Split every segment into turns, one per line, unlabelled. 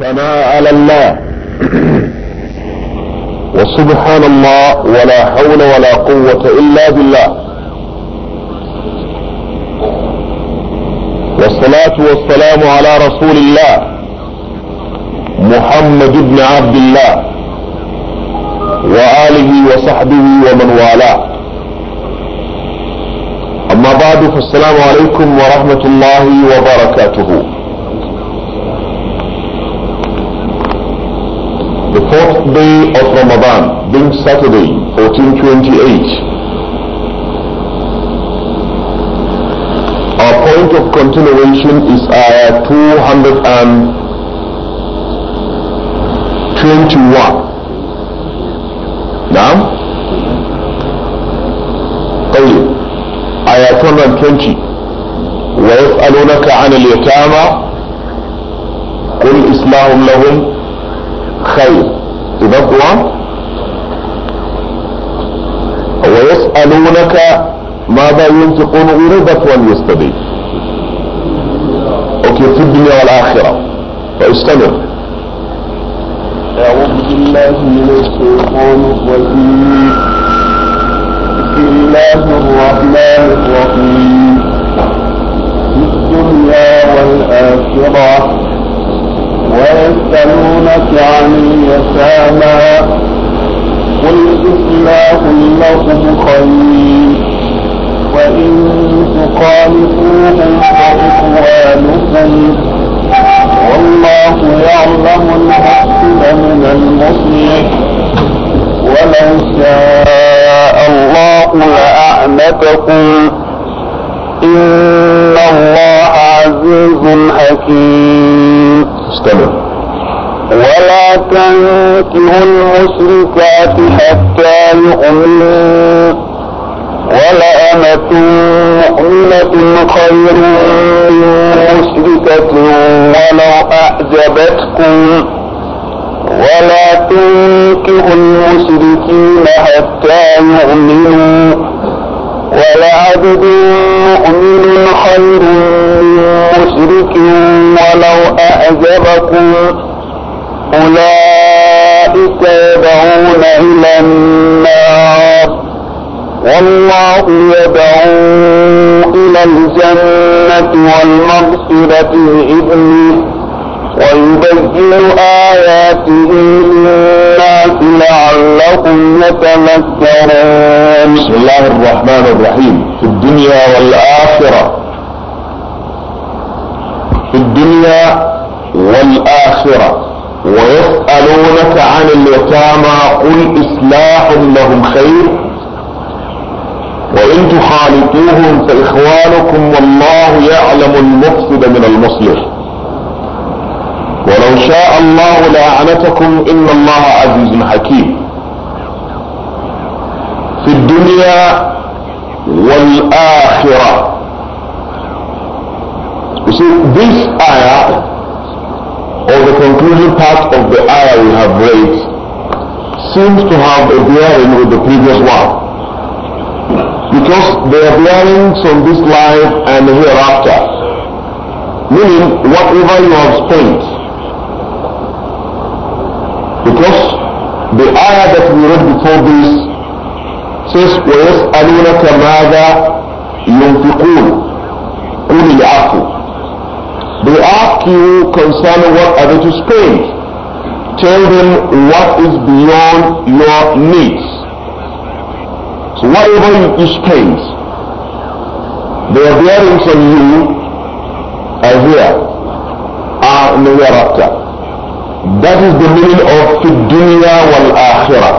الثناء على الله وسبحان الله ولا حول ولا قوة إلا بالله والصلاة والسلام على رسول الله محمد بن عبد الله وآله وصحبه ومن والاه أما بعد فالسلام عليكم ورحمة الله وبركاته the fourth day of Ramadan, being Saturday, 1428. Our point of continuation is Ayah 221. Now, طيب آية 120 ويسألونك عن اليتامى قل إصلاح لهم خير النضوى ويسألونك ماذا ينفقون غربة وليستبيد اوكي في الدنيا والآخرة فاستمر أعوذ بالله من الشيطان الرجيم
بسم الله الرحمن الرحيم في الدنيا والآخرة ويسألونك عن اليتامى قل إصلاح لهم خير وإن تخالفوهم فإخوانكم والله يعلم الحق من المصلح ولو شاء الله لأعنتكم إن الله عزيز حكيم استمر ولا تنكه المشركات حتى يؤمنوا ولأمة مؤمنة خير من مشركة ولو أعجبتكم ولا تنكه المشركين حتى يؤمنوا ولعبد مؤمن خير من مشرك ولو أعجبكم أولئك يدعون إلى النار والله يدعو إلى الجنة والمغفرة بإذنه ويبين آياته للناس لعلهم يتذكرون بسم الله الرحمن الرحيم في الدنيا والآخرة
في الدنيا والآخرة ويسألونك عن اليتامى قل إصلاح لهم خير وإن تخالطوهم فإخوانكم والله يعلم المفسد من المصلح ولو شاء الله لأعنتكم إن الله عزيز حكيم في الدنيا والآخرة You see, this ayah, or the concluding part of the ayah we have read, seems to have a bearing with the previous one. Because they are bearings on this life and hereafter. Meaning, whatever you have spent because the ayah that we read before this says, وَيَسْأَلُونَكَ مَاذَا يُنْفِقُونَ قُلِ الْعَفُ They ask you concerning what are they to spend. Tell them what is beyond your needs. So whatever you spend, they are bearing from you are here, are in the hereafter. That is the meaning of dunya wal akhirah.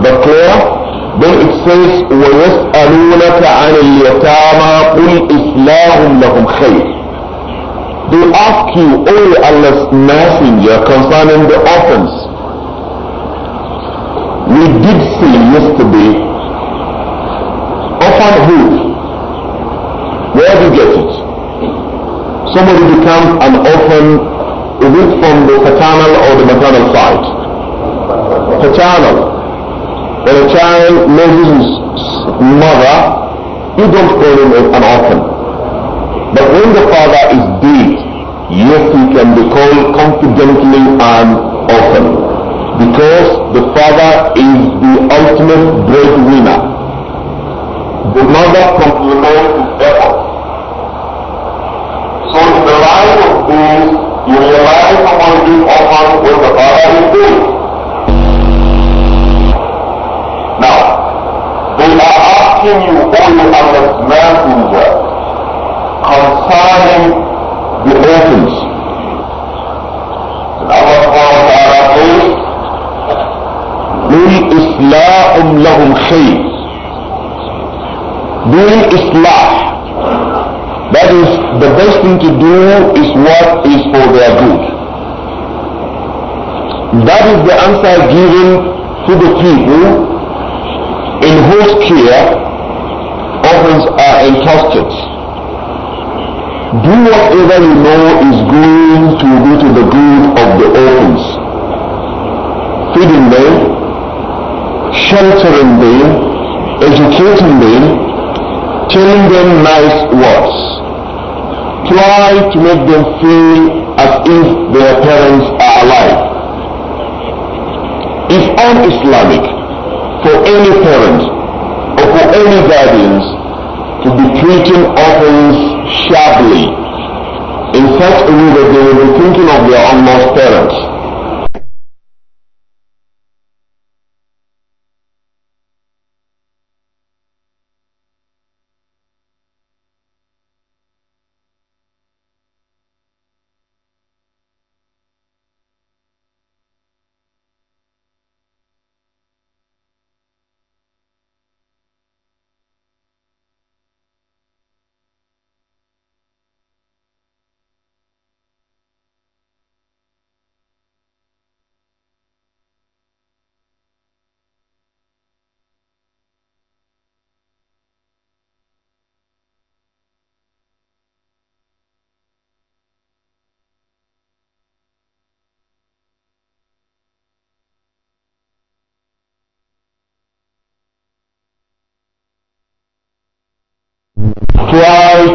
The clear? Then it says, وَيَسْأَلُونَكَ عَنِ الْيَتَامَى قُلْ إِسْلَاهٌ لَهُمْ خَيْرٌ They ask you, O Allah's messenger, concerning the orphans. We did see yesterday, orphan who? Where do you get it? Somebody becomes an orphan is it from the paternal or the maternal side? Paternal. When a child loses his mother, you don't call him an orphan. But when the father is dead, yes, he can be called confidently an orphan. Because the father is the ultimate breadwinner. The mother complements his efforts. So in the light of this, لڑائی ہمار کی اور نہ آپ کے لیے محفوظ ہے اور سارے اگر اور سارا دیش بری اسلح امل شی بری اسلاح That is, the best thing to do is what is for their good. That is the answer given to the people in whose care orphans are entrusted. Do whatever you know is going to be to the good of the orphans. Feeding them, sheltering them, educating them, telling them nice words. Try to make them feel as if their parents are alive. If un-Islamic for any parent or for any guardians to be treating orphans sharply in such a way that they will be thinking of their unlost parents.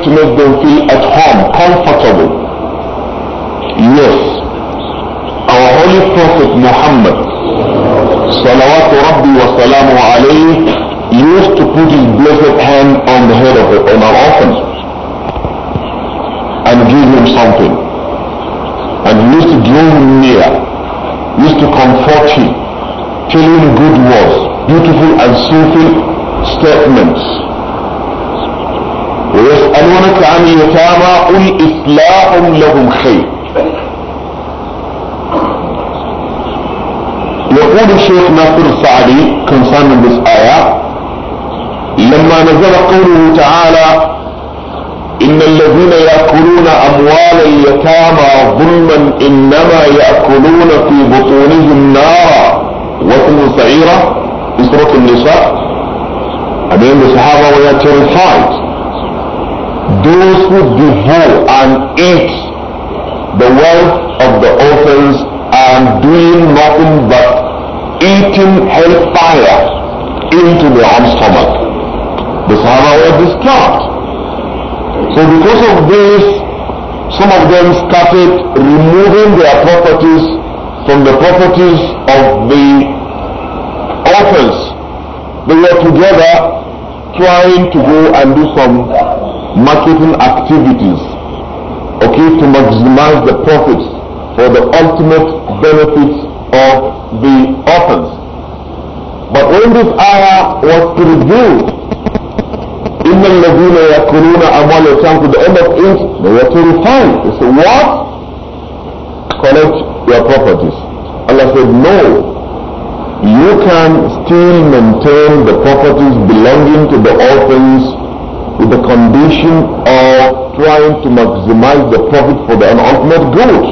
to make them feel at home, comfortable. Yes, our holy prophet Muhammad, salawatu rabbi wa salamu alayhi, used to put his blessed hand on the head of an orphan and give him something. And he used to draw him near, used to comfort him, telling good words, beautiful and soothing statements. ويسألونك عن اليتامى قل إصلاح لهم خير يقول الشيخ ناصر السعدي concerning this آية لما نزل قوله تعالى إن الذين يأكلون أموال اليتامى ظلما إنما يأكلون في بطونهم نارا وكل سعيرة في سورة النساء أبين الصحابة were terrified those who behold and eat the wealth of the orphans and doing nothing but eating hellfire into their own stomach. The Sahaba were disturbed. So because of this, some of them started removing their properties from the properties of the orphans. They were together trying to go and do some marketing activities, okay, to maximize the profits for the ultimate benefits of the orphans. But when this ayah was to in the الَّذِينَ يَأْكُلُونَ أَمْوَالَ الْيَتَامَى to the end of it, they were terrified. They said, what? Collect your properties. Allah said, no, you can still maintain the properties belonging to the orphans with the condition of trying to maximize the profit for the ultimate good.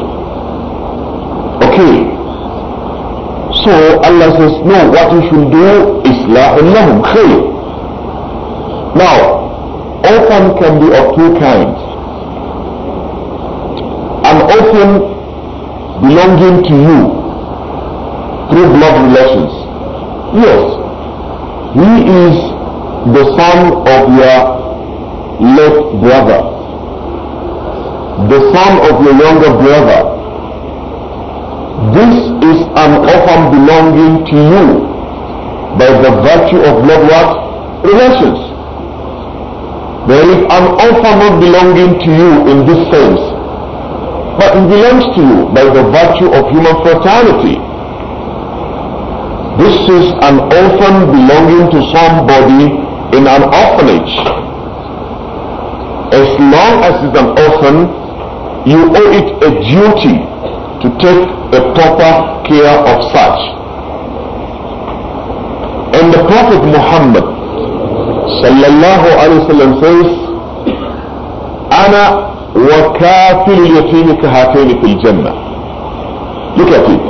Okay. So Allah says, no, what you should do is lahum khayr. Now, orphan can be of two kinds. An orphan belonging to you through blood relations. Yes, he is the son of your late brother, the son of your younger brother. This is an orphan belonging to you by the virtue of blood what? Relations. There is an orphan not belonging to you in this sense, but it belongs to you by the virtue of human fraternity. This is an orphan belonging to somebody in an orphanage. As long as it's an orphan, you owe it a duty to take a proper care of such. And the Prophet Muhammad sallallahu alayhi wasallam says, "Ana وكافل اليتيم كهاتين في الجنة. Look at it.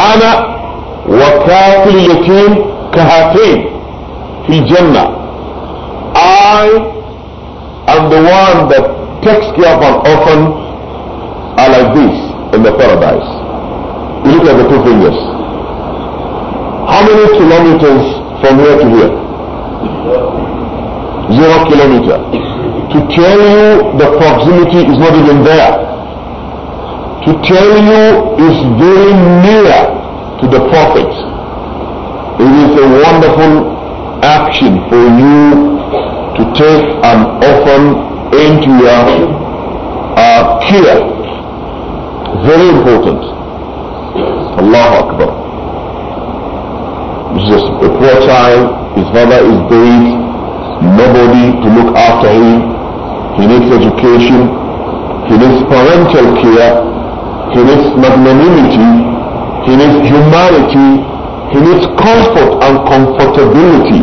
أنا وكافل اليتيم كهاتين في الجنة. I and the one that takes care of an orphan are like this in the paradise. You look at the two fingers. How many kilometers from here to here? Zero kilometer. To tell you the proximity is not even there. To tell you is very near to the prophet. It is a wonderful action for you to take an orphan into your uh, care. Very important. Allah Akbar. This is a poor child. His father is dead. Nobody to look after him. He needs education. He needs parental care. He needs magnanimity. He needs humanity. He needs comfort and comfortability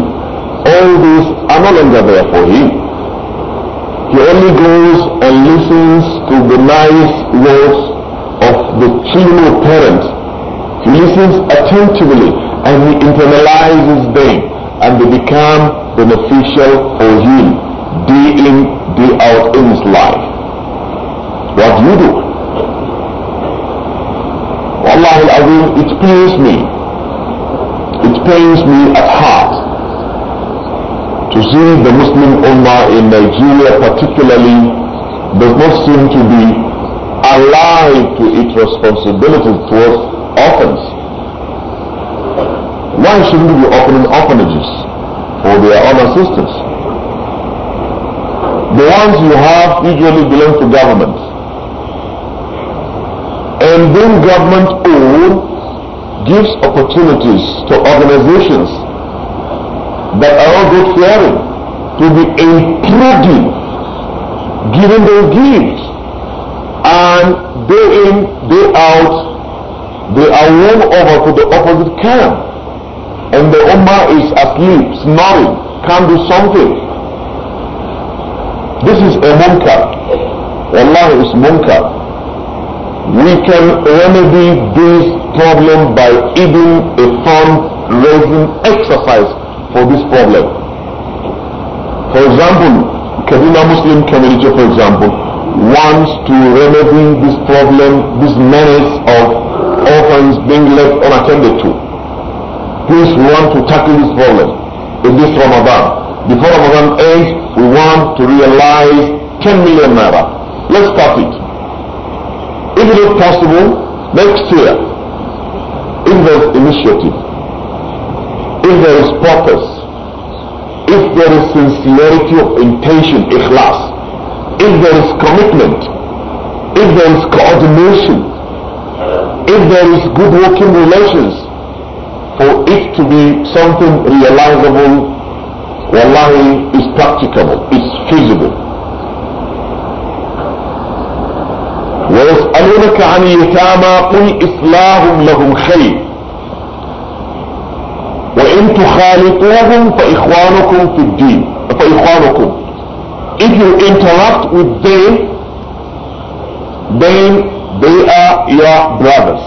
all these are no longer there for him. He only goes and listens to the nice words of the children parent. He listens attentively and he internalizes them and they become beneficial for him day in, day out in his life. What do you do? Wallahu it pains me. It pains me at heart to see the Muslim Ummah in Nigeria particularly does not seem to be alive to its responsibility towards orphans. Why shouldn't we be opening orphanages for their own assistance? The ones you have usually belong to government. And then government own gives opportunities to organizations that are all hearing to be intruding, giving their gifts, and day in, day out, they are won over to the opposite camp. And the Ummah is asleep, snoring, can't do something. This is a munkar. Allah is munkar. We can remedy this problem by eating a fund raising exercise for this problem. For example, Kaduna Muslim community, for example, wants to remedy this problem, this menace of orphans being left unattended to. Please want to tackle this problem in this Ramadan. Before Ramadan ends, we want to realize 10 million naira. Let's start it. If it is possible, next year, in this initiative, if there is purpose, if there is sincerity of intention, ikhlas, if there is commitment, if there is coordination, if there is good working relations, for it to be something realizable, wallahi, is practicable, is feasible. ويسألونك عن اليتامى قل إصلاح لهم خير وإن تخالطوهم فإخوانكم في الدين فإخوانكم if you interact with them then they are your brothers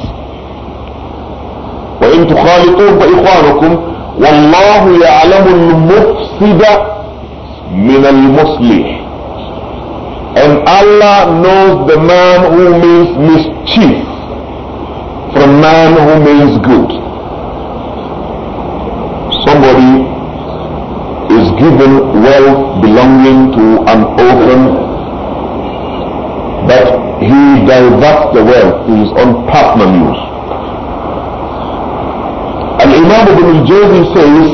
وإن تخالطوهم فإخوانكم والله يعلم المفسد من المصلح and Allah knows the man who means mischief from man who means good given wealth belonging to an orphan, but he diverts the wealth to his own personal use. And Imam Ibn al says,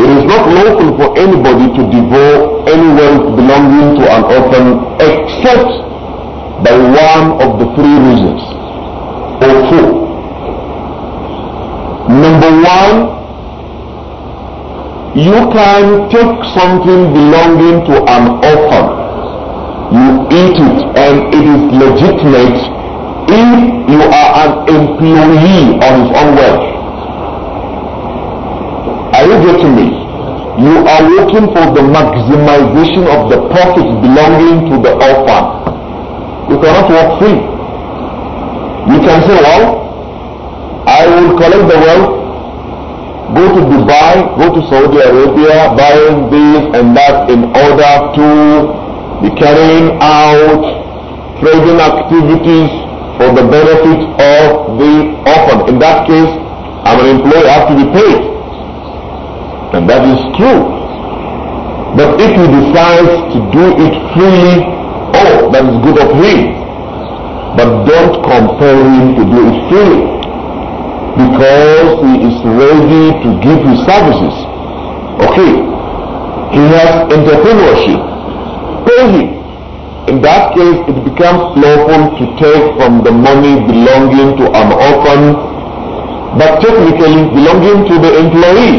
it is not lawful for anybody to devour any wealth belonging to an orphan except by one of the three reasons, or two. Number one, you can take something belonging to an orphan. You eat it and it is legitimate if you are an employee on his own wealth. Are you getting me? You are working for the maximization of the profits belonging to the orphan. You cannot work free. You can say, well, I will collect the wealth go to Dubai, go to Saudi Arabia, buying this and that in order to be carrying out trading activities for the benefit of the orphan. In that case, I'm an employee, I have to be paid. And that is true. But if he decides to do it freely, oh, that is good of him. But don't compel him to do it freely because he is ready to give his services. Okay, he has entrepreneurship. Pay him. In that case, it becomes lawful to take from the money belonging to an orphan, but technically belonging to the employee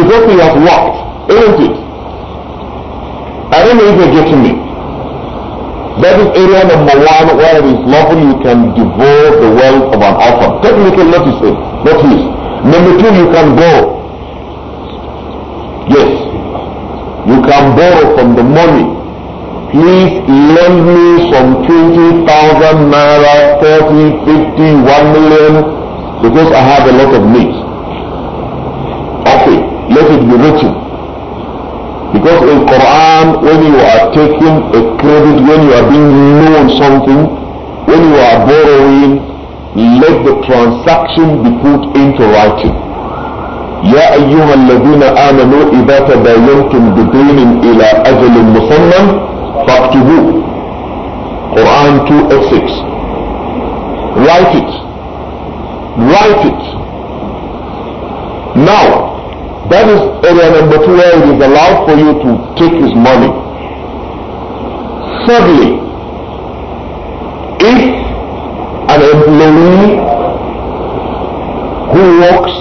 because he has worked, isn't it? I don't know if you're getting me. That is area number one where it is lawful you can devour the wealth of an orphan. Technically not his, not his. Number two, you can borrow. Yes, you can borrow from the money. Please lend me some 20,000 naira, 30, 50, 1 million, because I have a lot of needs. Okay, let it be written. Because in Quran, when you are taking a credit, when you are being loaned something, when you are borrowing, let the transaction be put into writing. يا أيها الذين آمنوا إذا تباينتم بدين إلى أجل مسمى فاكتبوه Quran six. Write it. Write it. Now, that is area number two where it is allowed for you to take his money. Thirdly, if an employee who works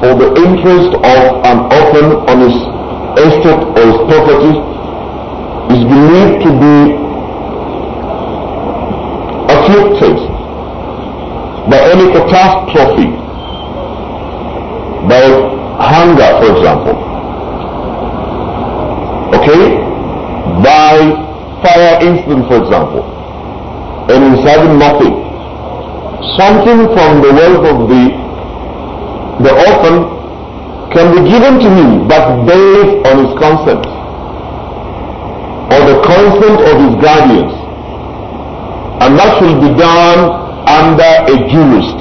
for the interest of an orphan on his from the wealth of the, the orphan can be given to him, but based on his consent or the consent of his guardians. And that should be done under a jurist,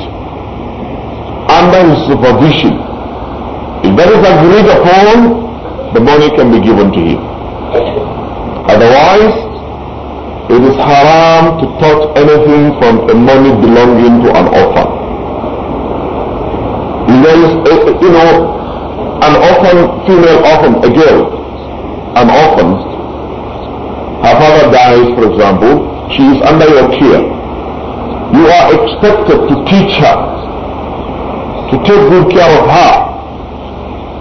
under his supervision. If that is agreed upon, the money can be given to him. Otherwise, it is haram to touch anything from a money belonging to an orphan. You know, an orphan, female orphan, a girl, an orphan, her father dies, for example, she is under your care. You are expected to teach her, to take good care of her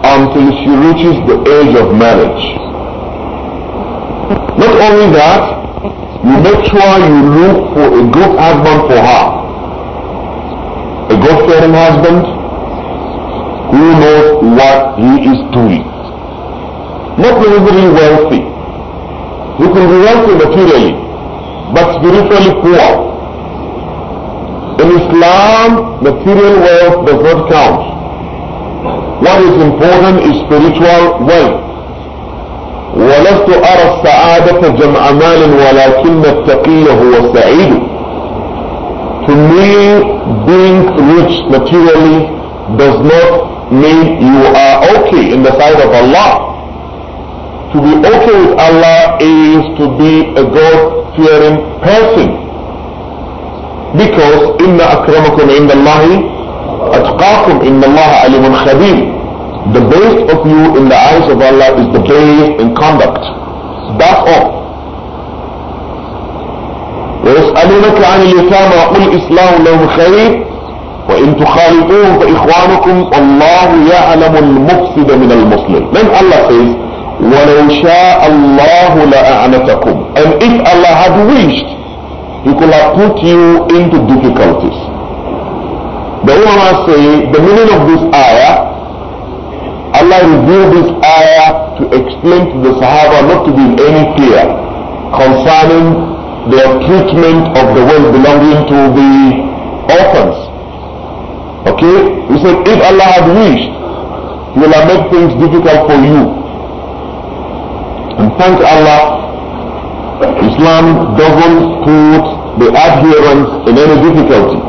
until she reaches the age of marriage. Not only that, you make sure you look for a good husband for her. A good fearing husband who knows what he is doing. Not necessarily wealthy. He can be wealthy materially, but spiritually poor. In Islam, material wealth does not count. What is important is spiritual wealth. ولست أرى السعادة جمع مال ولكن التقي هو السعيد To me, being rich materially does not mean you are okay in the sight of Allah. To be okay with Allah is to be a God-fearing person. Because إن أكرمكم عند الله أتقاكم إن الله عليم خبير The base of you in the eyes of Allah is the base in conduct. That's all. ويسألونك عن اليتامى قل إسلام له خير وإن تخالطوه فإخوانكم والله يعلم المفسد من المسلم. Then Allah says ولو شاء الله لأعنتكم. And if Allah had wished He could have put you into difficulties. The ulama say the meaning of this ayah Allah revealed this ayah to explain to the Sahaba not to be in any fear concerning their treatment of the wealth belonging to the orphans. Okay? He said, if Allah had wished, He will have made things difficult for you. And thank Allah, Islam doesn't put the adherents in any difficulty.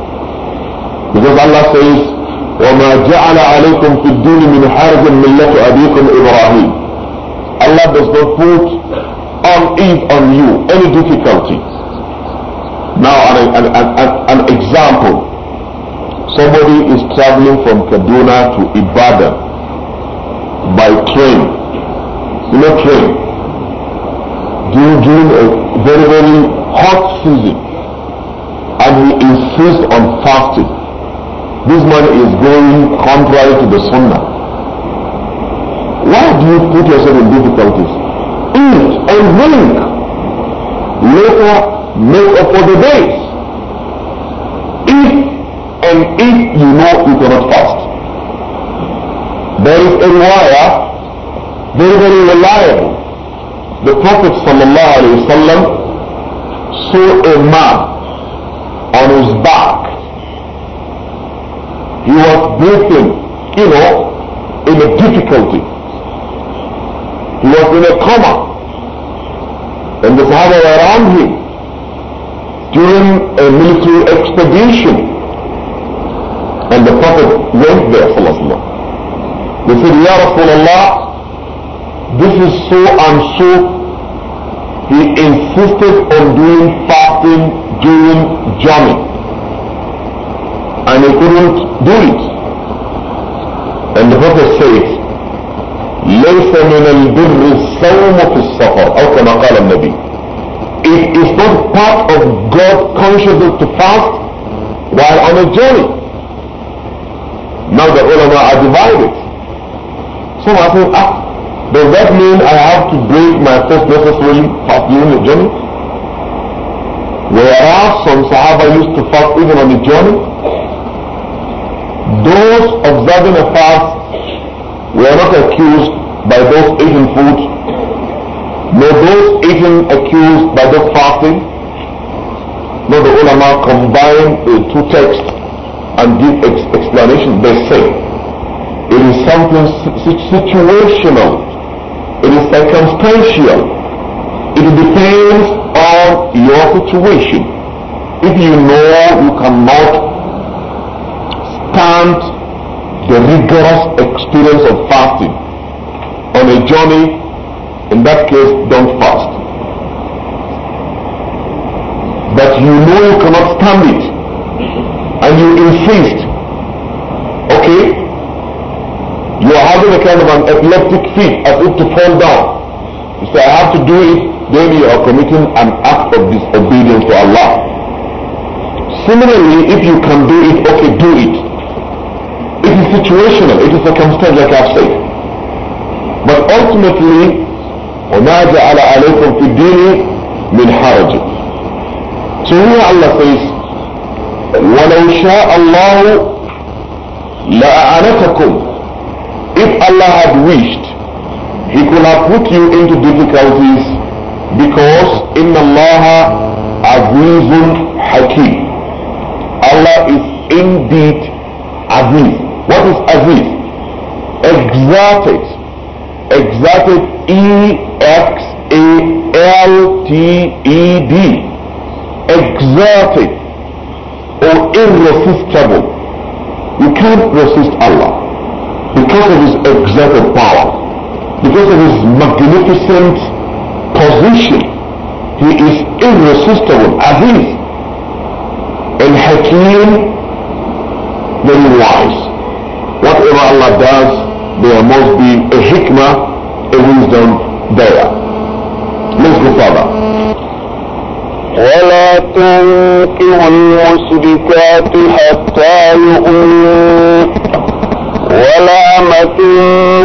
Because Allah says, وما جعل عليكم في الدين من حرج ملة أبيكم إبراهيم Allah does not put on it on you any difficulty now an, an, an, an example somebody is traveling from Kaduna to Ibadan by train you know train during, during a very very hot season and he insists on fasting this man is going contrary to the sunnah. Why do you put yourself in difficulties? Eat and drink. Later, make up for the days. Eat and eat, you know you cannot fast. There is a wire, very, very reliable. The Prophet ﷺ saw a man on his back he was beaten, you know, in a difficulty. He was in a coma. And the Sahaba were around him during a military expedition. And the Prophet went there, Sallallahu They said, Ya Rasulullah, this is so and so. He insisted on doing fasting during journey and he couldn't do it. And the Prophet said, ليس من البر الصوم في السفر أو كما قال النبي It is not part of God's consciousness to fast while on a journey. Now the ulama are divided. Some are saying, ah, does that mean I have to break my fast necessarily fast during the journey? Whereas some Sahaba used to fast even on the journey those observing a fast were not accused by those eating food, nor those eating accused by those fasting. Not the ulama combine the two texts and give ex explanation. They say it is something situational. It is circumstantial. It depends on your situation. If you know you cannot understand the rigorous experience of fasting on a journey, in that case, don't fast. But you know you cannot stand it, and you insist. Okay, you are having a kind of an epileptic fit as if to fall down. You say, I have to do it, then you are committing an act of disobedience to Allah. Similarly, if you can do it, okay, do it is situational, it is a circumstance like I've said. But ultimately, وَمَا جَعَلَ عَلَيْكُمْ فِي الدِّينِ مِنْ حَرَجٍ So here Allah says, وَلَوْ شَاءَ اللَّهُ لَأَعَنَتَكُمْ If Allah had wished, He could have put you into difficulties because إِنَّ اللَّهَ عَزِيزٌ حَكِيمٌ Allah is indeed Aziz, what is aziz? Exalted, exalted, E-X-A-L-T-E-D. exalted, or irresistible. You can't resist Allah because of his exalted power, because of his magnificent position. He is irresistible, Aziz, and Hakim, very wise. Whatever Allah does, there must be a hikmah, a wisdom there. Let's go further.
ولا تنكروا المشركات حتى يؤمنوا ولا أمة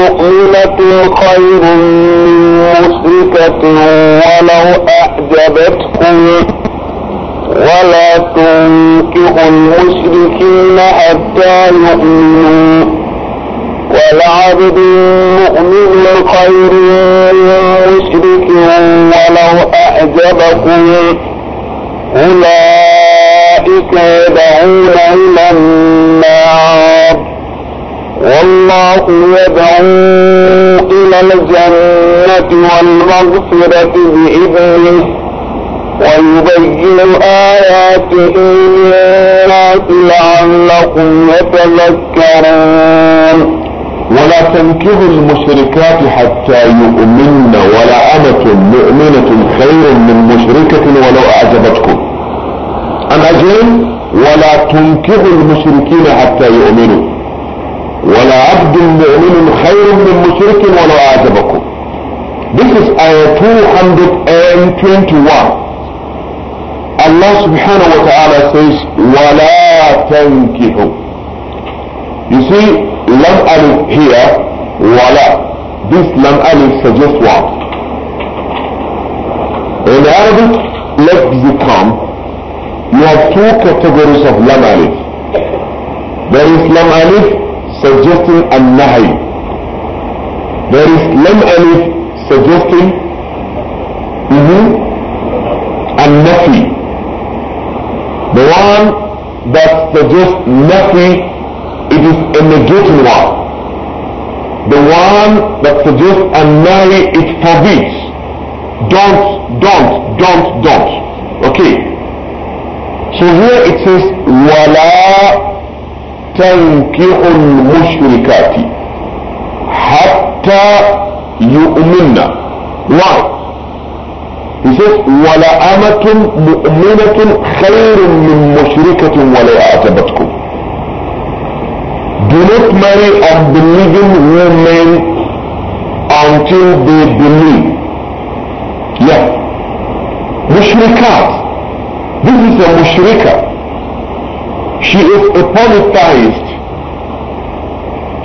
مؤمنة خير من مشركة ولو أعجبتكم ولا تنكح المشركين حتى يؤمنوا ولعبد مؤمن خير من مشرك ولو أعجبكم أولئك يدعون إلى النار والله يدعو إلى الجنة والمغفرة بإذنه ويبين آياته للناس
لعلكم يتذكرون ولا تنكحوا المشركات حتى يؤمن ولا أمة مؤمنة خير من مشركة ولو أعجبتكم أن أجل ولا تنكحوا المشركين حتى يؤمنوا ولا عبد مؤمن خير من مشرك ولو أعجبكم This is ayah 221 Allah subhanahu wa ta'ala says, وَلَا تَنْكِحُوا You see, لَمْ alif here, ولا. This لَمْ alif suggests what? In Arabic let you have two categories of لَمْ alif. There is is alif suggesting a There is is alif suggesting mm-hmm, an the one that suggests nothing, it is a negating one. The one that suggests annihilate, it forbids. Don't, don't, don't, don't. Okay. So here it says, وَلَا al mushrikati, hatta يُؤْمِنَّ Why? He says, "Wala amatun مُؤْمِنَةٌ khairun min مُشْرِكَةٍ wala أَعْتَبَتْكُمْ Do not marry unbelieving women until they believe. Yeah. Mushrikat. This is a mushrika. She is a polytheist.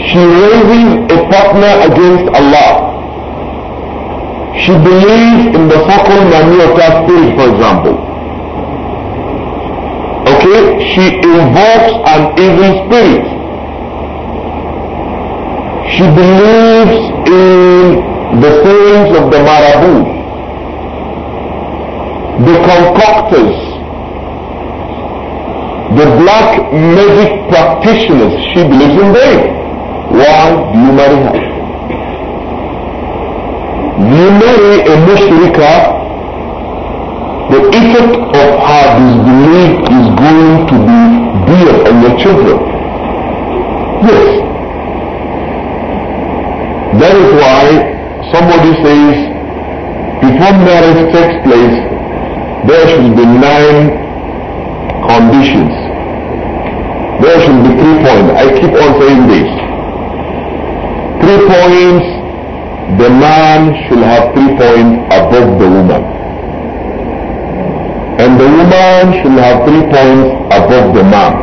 She raises a partner against Allah. She believes in the Fakul Namiota spirit, for example. Okay? She invokes an evil spirit. She believes in the sayings of the Marabu, the concoctors, the black magic practitioners. She believes in them. Why do you marry her? you marry a mushrika, the effect of her disbelief is going to be dear on your children. Yes. That is why somebody says before marriage takes place, there should be nine conditions. There should be three points. I keep on saying this. Three points the man should have three points above the woman. And the woman should have three points above the man.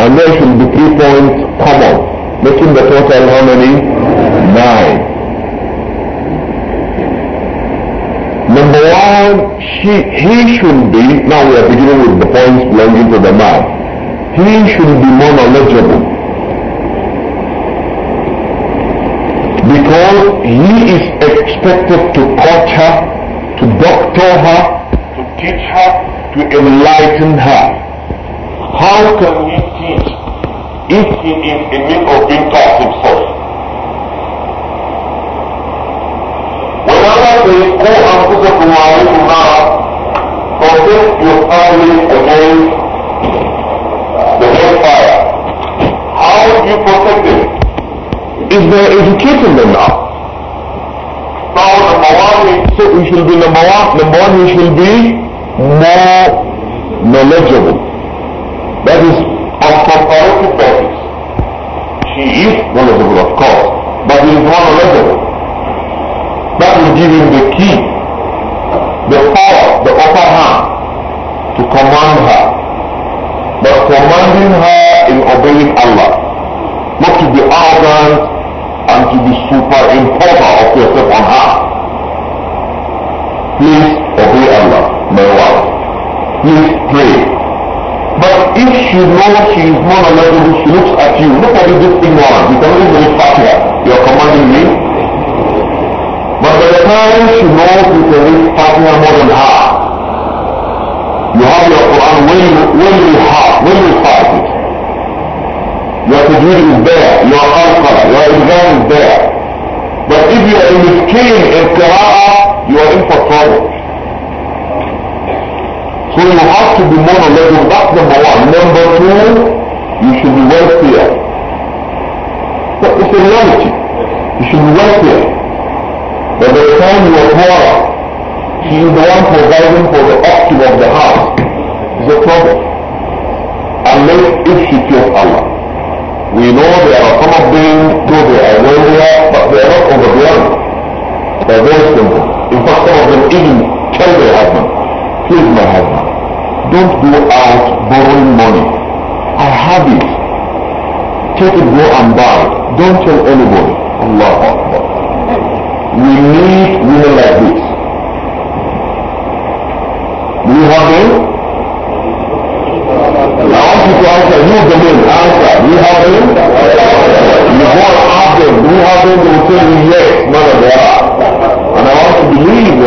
And there should be three points common, making the total how many? Nine. Number one, she, he should be, now we are beginning with the points belonging to the man. He should be more knowledgeable he is expected to coach her, to doctor her, to teach her, to enlighten her. How can he teach if he is in need of being taught himself?
When Allah says, and put up alaykum
now, protect your family against the hellfire. How do you protect them? Is there educating them now? one, we should be number one. Number one, we should be more knowledgeable. That is of comparative topics. She is knowledgeable, of course, but he is more knowledgeable. That will give him the key, the power, the upper hand to command her. But commanding her in obeying Allah, not to be arrogant and to be super important of yourself on her. Please obey Allah, my wife, Please pray. But if she knows she is more knowledgeable, she looks at you, look at this thing, ignorant, you can only read Fatiha, you are commanding me. But by the time she knows you can read Fatiha more than her, you have your Quran when you, when you have, when you fight it. Your tajweed is there, your alqara, your exam is there. But if you are in the king and qira'ah, you are in for trouble. So you have to be more monolegible. That's number one. Number two, you should be wealthier. it's a reality. You should be wealthier. By the time you are poorer, he is the one providing for the upkeep of the house. It's a trouble. Unless if she kills Allah. We know there are some of them, though they are wealthier, but they are not overbearing. They're very simple. In fact, some of them even tell their husband, here's my husband, don't go out borrowing money. I have it. Take it, go and buy it. Don't tell anybody. Allah Akbar. We need women like this. Do you have them? I want you to answer. You the men. Answer. Do you have them? You go and ask them. Do you have them? They will tell you yes. None of them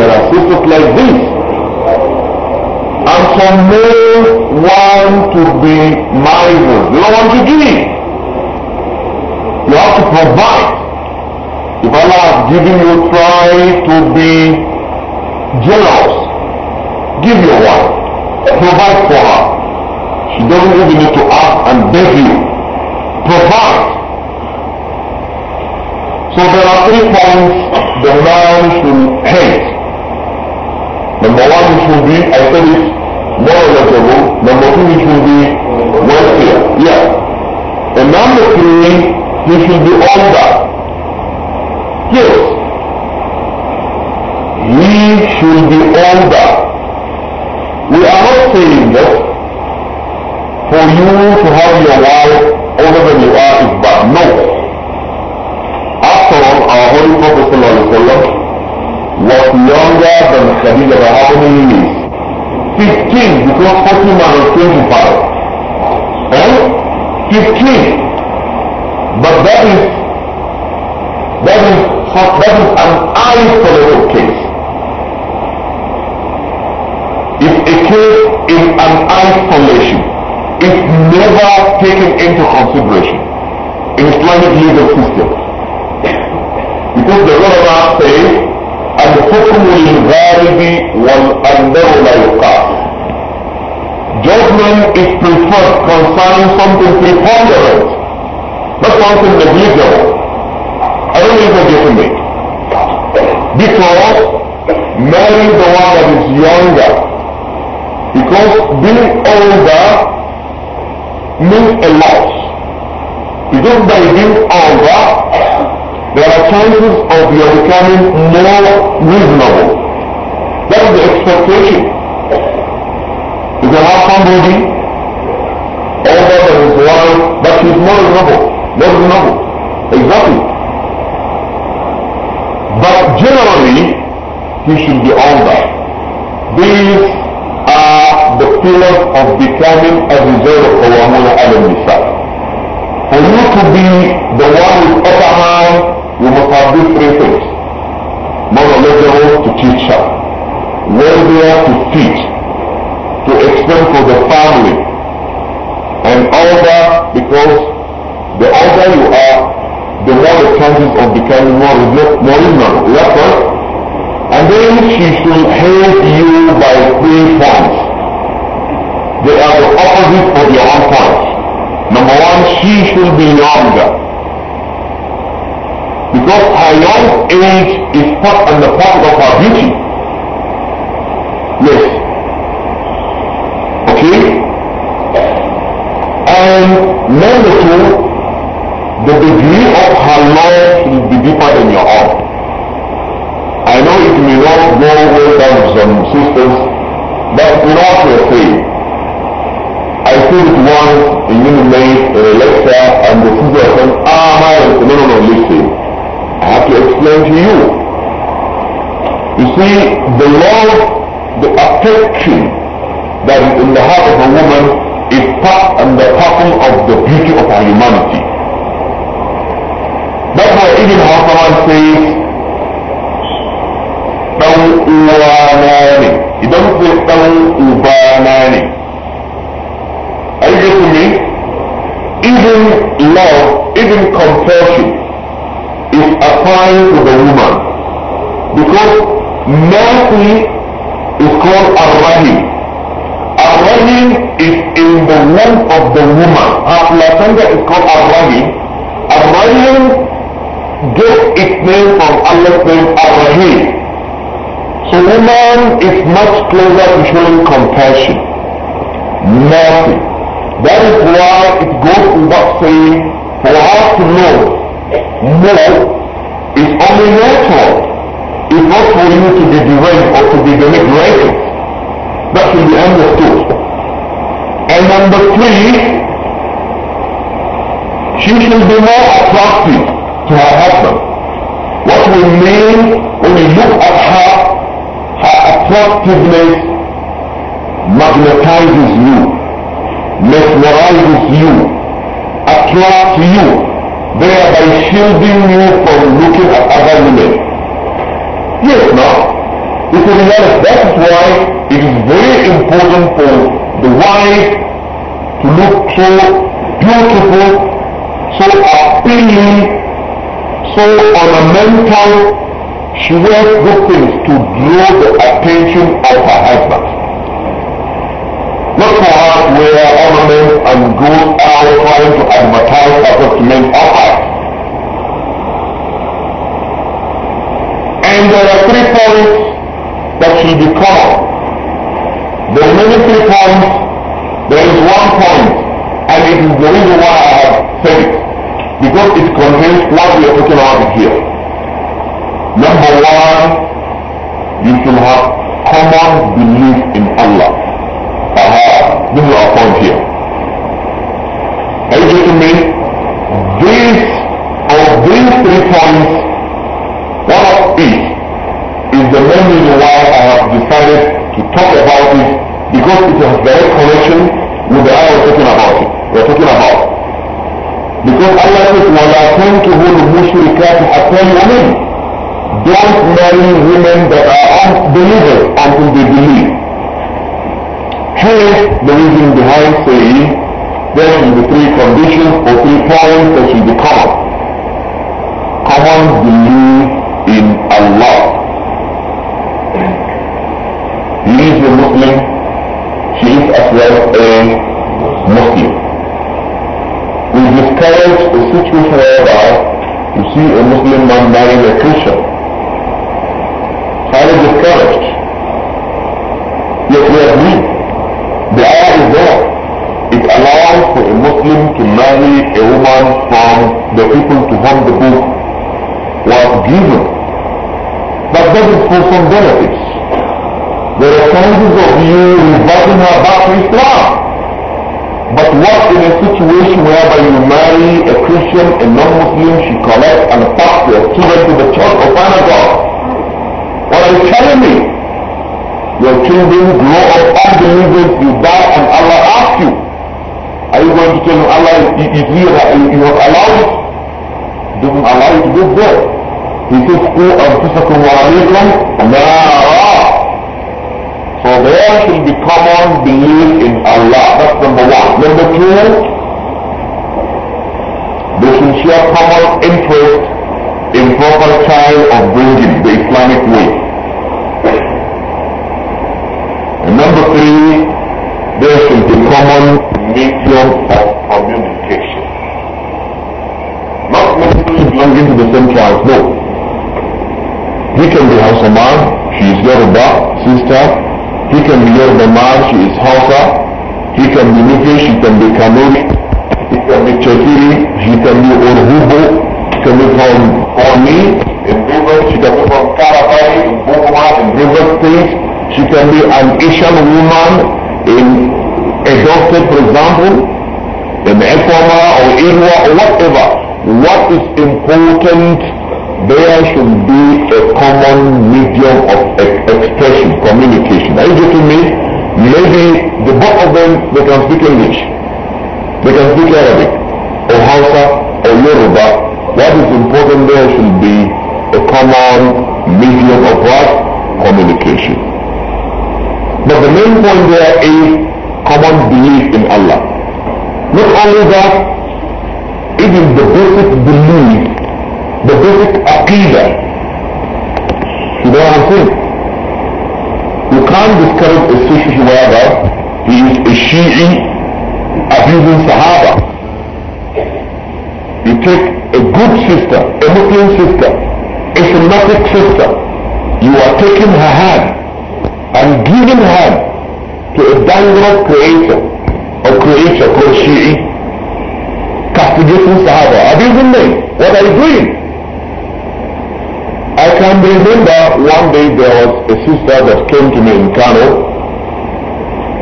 there are people like this. And some may want to be miser. They don't want to give. You have to provide. If Allah has given you, try to be generous. Give your wife. Provide for her. She doesn't even need to ask and beg you. Provide. So there are three points the man should hate. Number one, it will be, I said it more eligible. ago, number two, it will be wealthier. Yeah. And number three, he should be older. Yes. He should be older. We are not saying that for you to have your wife older than you are is bad. No. have them studies about how many years? 15 because 40 minus 25. Eh? 15. But that is that is that is an isolated case. If a case is an isolation, it's never taken into consideration in Islamic legal system. Because the Ulama says الحكم للغالب والأقدر لا يقال Judgment is preferred concerning something preponderant, not something negligible. I don't know if you're getting Because marry the one that is younger. Because being older means a loss. Because by being older, there are chances of your becoming more reasonable. That is the expectation. If You can have somebody older than his wife, but she's more reasonable, more reasonable. Exactly. But generally, he should be older. These are the pillars of becoming a result of Qawamuna al-Nisa. For you to be the one with upper hand you must have these three things. Knowledgeable to teach her, wealthier to teach, to expend for the family, and older because the older you are, the more the chances of becoming more, more ignorant. Is right? And then she should help you by three points. They are the opposite of your own points. Number one, she should be younger because her young age is part and the part of her beauty. Yes. Okay? And number two, the degree of her love will be deeper than your own. I know it may not go well down some sisters, but in know what I think it once a Unimate in a lecture and the teacher said, ah, my, no, no, no, listen. I have to explain to you. You see, the love, the affection that is in the heart of a woman is part and the parcel of the beauty of her humanity. That's why Ibn Hassan says, ɗan uwana ne, idan ku ɗan are you getting me? Even love, even compassion, is applying to the woman. Because mercy is called Ar-Rahim. rahim is in the womb of the woman. Her placenta is called Ar-Rahim. rahim gets its name from Allah's name Ar-Rahim. So woman is much closer to showing compassion, mercy. That is why it goes without saying for us to know more is only natural. It's not for you to be deranged or to be manipulated. That should be understood. And number three, she should be more attractive to her husband. What we mean when we look at her, her attractiveness magnetizes you, mesmerizes you, attracts you thereby shielding you from looking at other women. Yes, now, it's a reality. That is why it is very important for the wife to look so beautiful, so appealing, so ornamental. She wears good things to draw the attention of her husband for us, have wear ornaments and gold are trying to advertise ourselves to men offers. And there are three points that should be covered. There are many three points. There is one point, and it is the reason why I have said it, because it contains what we are talking about here. Number one, you should have common belief in Allah. Aha, this is our point here. Are you getting me? This of these three points, one of these is the main reason why I have decided to talk about it because it has direct connection with the ayah we're talking about. It. We're talking about. Because Allah says, وَلَا تَنْكِهُ الْمُشْرِكَاتِ حَتَّى يُؤْمِنُوا don't marry women that are unbelievers until they conditions for that such But the main point there is common belief in Allah. Not only that, it is the basic belief, the basic aqidah. You know what I'm saying? You can't discourage a Sufi whether he is a Shi'i abusing Sahaba. You take a good sister, a Muslim sister, a Semitic sister, you are taking her hand and giving hand to a dangerous creator or creator called Shi'i, castigating Sahaba, abusing them. What are you doing? I can remember one day there was a sister that came to me in Kano,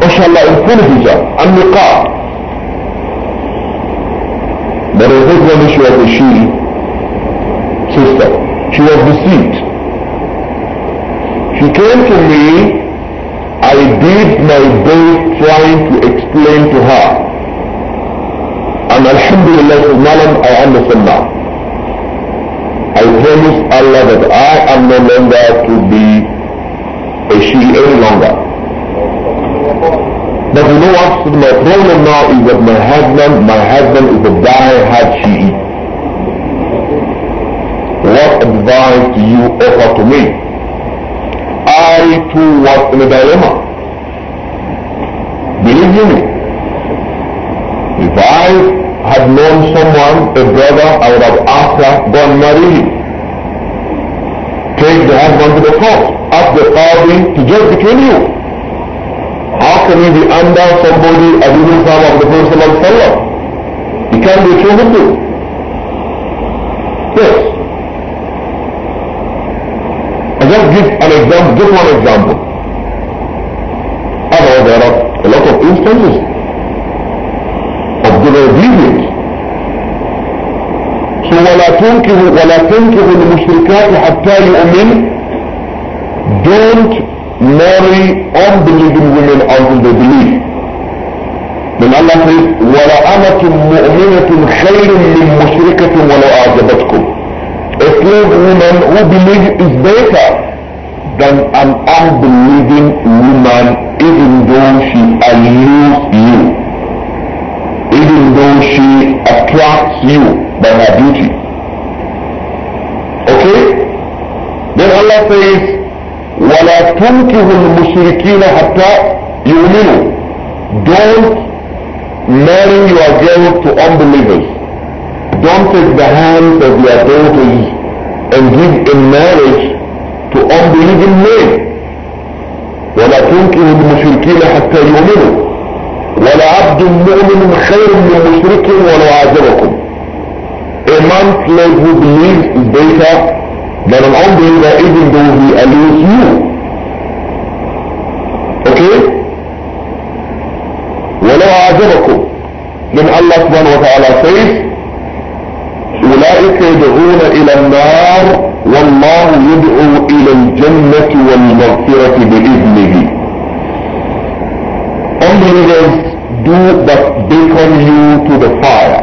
Inshallah in full hijab and niqab. But I think when she was a Shi'i sister, she was deceived. She came to me I did my best trying to explain to her. And Alhamdulillah, Malam, I understand now. I promise Allah that I am no longer to be a she any longer. But you know what? My problem now is that my husband, my husband is a die-hard she. What advice do you offer to me? تھروکے میں بدر آئی آفر ڈن مریو ون آف د پارٹی ٹو جو چون یو آپ دی انڈر سمبو ڈی اجیم صاحب اور just give an example, just one example. Otherwise there are a lot of instances of disobedience. So ولا تنكه ولا تنكه المشركات حتى يؤمن Don't marry unbelieving women until they believe. من الله says أمة مؤمنة خير من مشركة ولو أعجبتكم a slave woman who believes is better than an unbelieving woman even though she allures you, even though she attracts you by her beauty. Okay? Then Allah says, وَلَا تُنْكِهُ الْمُشْرِكِينَ حَتَّى يُؤْمِنُوا Don't marry your girl to unbelievers. Don't take the hands of your girl and give in marriage to unbelieving men ولا تنكر المشركين حتى يؤمنوا ولا عبد مؤمن خير من مشرك ولو عذبكم a man slave who believes is better than an unbeliever even though he allows you okay ولو عذبكم then Allah subhanahu wa ta'ala says أولئك يدعون إلى النار والله يدعو إلى الجنة والمغفرة بإذنه Unbelievers do but beckon you to the fire.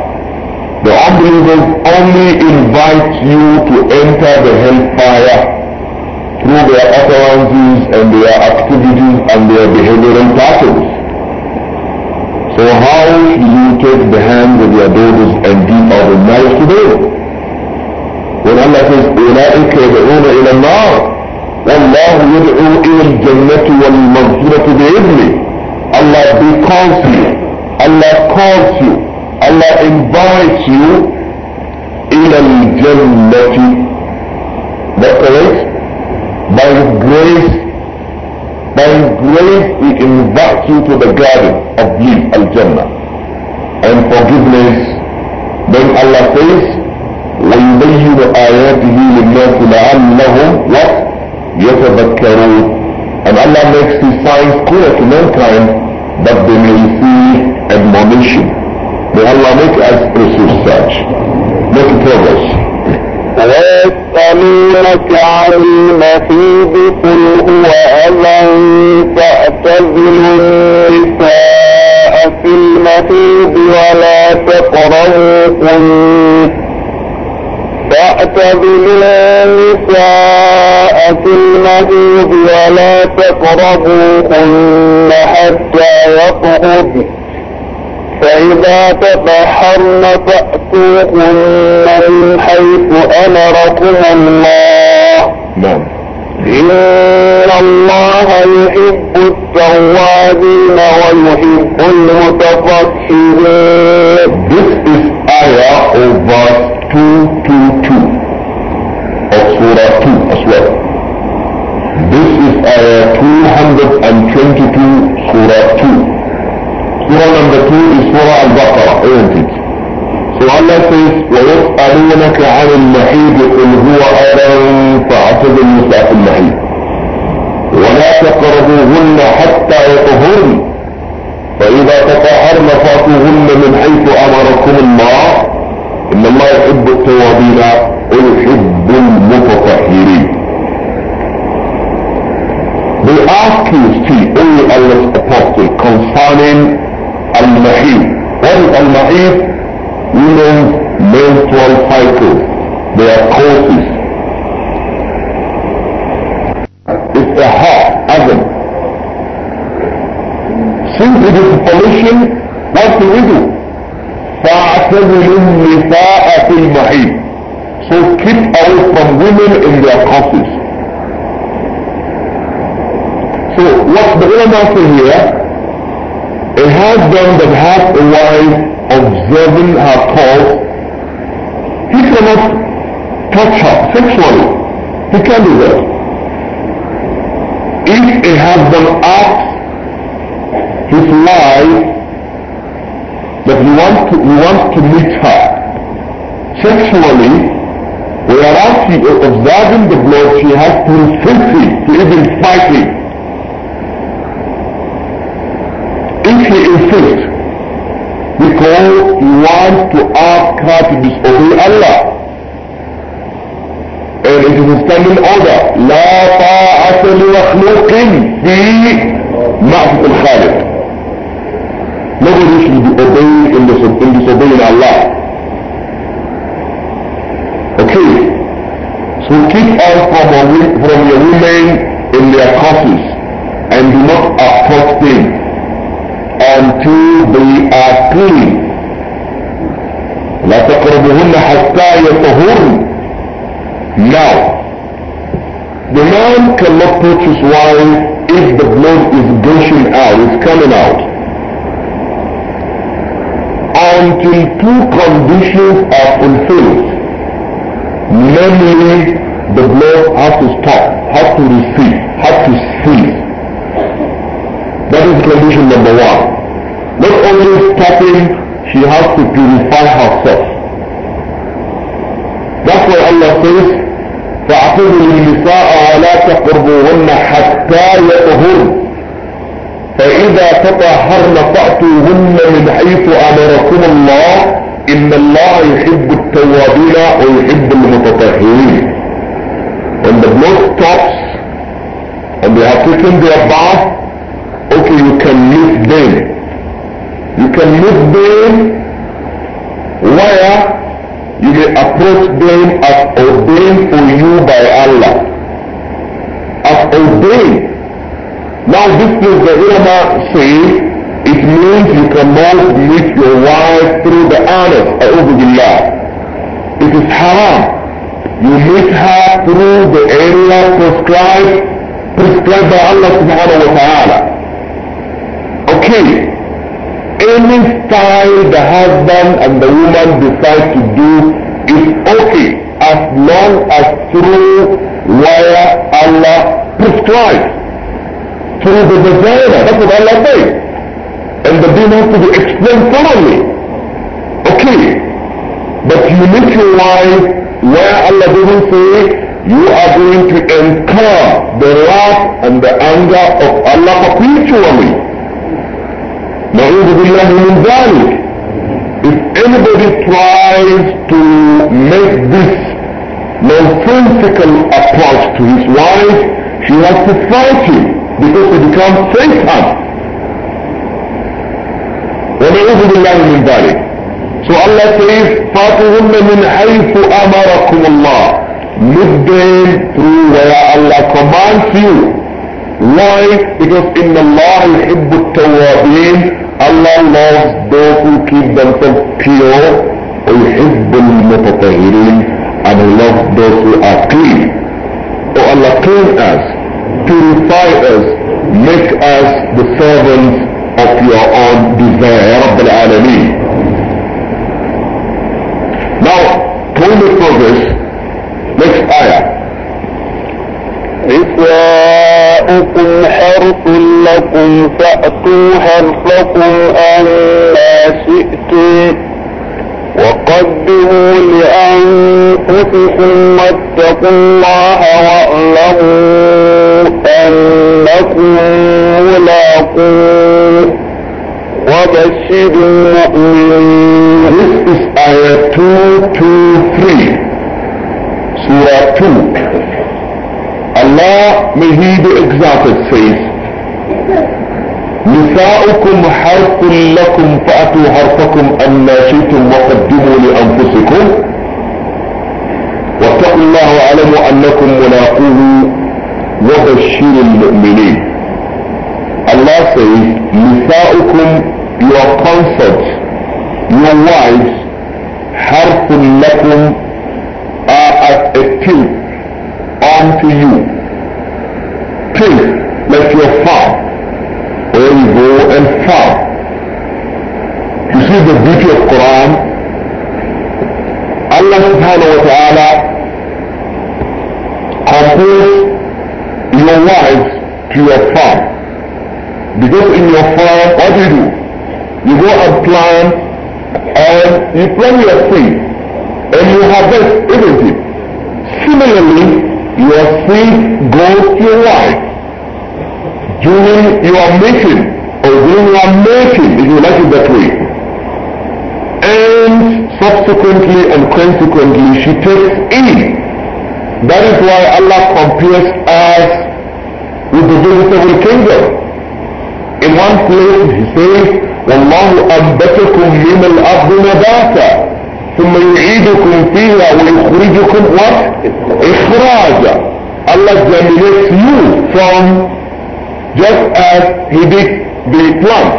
The unbelievers only invite you to enter the hellfire through their utterances and their activities and their behavioral patterns. Or how you take the hand of your daughters and give out in marriage to them. When Allah says, أولئك يدعون إلى النار والله يدعو إلى الجنة والمغفرة بإذنه Allah beckons you. Allah calls you. Allah invites you إلى الجنة. That's correct? By His grace by His grace, He invites you to the garden of bliss, Al-Jannah, and forgiveness. Then Allah says, وَيُبَيِّنُ آيَاتِهِ لِلنَّاسِ لَعَلَّهُمْ what? يَتَذَكَّرُونَ And Allah makes His signs clear to mankind that they may receive admonition. May Allah make us pursue such. Make progress. ويسألونك
عن المحيض قل هو أذى فاعتزلوا النساء في المحيض ولا تقربوهن فاعتزلوا النساء في المحيض ولا تقربوهن حتى يطهرن فإذا تطهرن فأتوهن من حيث أمركم الله نعم إن الله يحب التوابين ويحب المتفكرين This is ayah of verse
222 of Surah 2 as well. This is ayah 222 Surah 2. Surah نمبر 2 is Surah Al-Baqarah, isn't it? So Allah وَيَسْأَلُونَكَ عَنِ المحيط ان هُوَ أَذًى فَاعْتَزِلُوا النِّسَاءَ فِي الْمَحِيدِ وَلَا تَقْرَبُوهُنَّ حَتَّى يَطْهُرْنَ فإذا تطهرن فأتوهن من حيث أمركم الله إن الله يحب التوابين ويحب المتطهرين They ask you to see only Allah's apostle, concerning المحيط What is al-mahid? Women's menstrual cycle. Their causes. It's a heart, organ. Since it is pollution, what do we do? فاعتزلوا النساء في المحيط. So keep away from women in their causes. So what the ulama say here, have them that have a wife observing her course, he cannot touch her sexually. He can't do that. If a husband asks his wife that he wants to, he wants to meet her sexually, whereas she is observing the blood, she has to insist to even fight it. faith because he wants to ask her to disobey Allah. And it is a standing order. لا طاعة لمخلوق في معصية الخالق. Nobody should be obeying in, disobeying Allah. Okay. So keep out from, from your women in their courses and do not approach them until they are clean. لا تقربهن حتى يطهرن. Now, the man cannot purchase his wife if the blood is gushing out, it's coming out. Until two conditions are fulfilled. Namely, the blood has to stop, has to recede, has to cease. That is condition number one. not only stopping, she has to purify herself. That's why Allah says, فاعتذروا النساء ولا تقربوهن حتى يطهرن فإذا تطهرن فأتوهن من حيث أمركم الله إن الله يحب التوابين ويحب المتطهرين When the blood stops and they have taken their bath, okay, you can leave them You can meet them where you may approach them as ordained for you by Allah. As ordained. Now this is the ulama say it means you cannot meet your wife through the anus, Allah. It is haram. You meet her through the area prescribed prescribed by Allah subhanahu wa ta'ala. Okay, any style the husband and the woman decide to do is okay as long as through where Allah prescribes. Through the vagina, that's what Allah says. And the deen has to be explained thoroughly. Okay, but you need to life where Allah doesn't say you are going to incur the wrath and the anger of Allah perpetually. نعوذ بالله من ذلك if anybody tries to make this nonsensical approach to his wife she has to fight him because he becomes Satan ونعوذ بالله من ذلك so Allah says فاتهن من حيث أمركم الله meet them through where Allah commands you why? Because in Allah Ibn tawabin Allah loves those who keep themselves pure ويحب المتطهرين and He loves those who are clean. So Allah clean us, purify us, make us the servants of your own desire, Ya Rabb al-Alameen. Now, through the progress, next ayah.
It's, uh,
أنفسكم حرث لكم
فأتوا حرثكم أما شئتم وقدموا لأنفسكم واتقوا الله واعلموا أنكم ملاقوه وبشر المؤمنين This
is ayah 2, 2, 3. Surah 2. Allah, may He be exalted, says, نساؤكم حرق لكم فأتوا حرقكم أما شئتم وقدموا لأنفسكم واتقوا الله وعلموا أنكم ملاقوه وبشر المؤمنين Allah says نساؤكم your comfort your wives حرق لكم are at a tilt unto you Think like your farm, or where you go and farm. You see the beauty of Quran. Allah subhanahu wa ta'ala compares your wives to your farm. Because in your farm, what do you do? You go and plant and you plant your seed and you harvest everything. Similarly, your faith goes to your wife. During your meeting, or during your making, if you like it that way. And subsequently and consequently, she takes in. That is why Allah compares us with the vegetable kingdom. In one place, He says, وَاللَّهُ أَنْبَتَكُمْ مِنَ الْأَرْضِ نَبَاتًا ثم يعيدكم فيها ويخرجكم what? إخراجا Allah germinates you from just as he did the plant.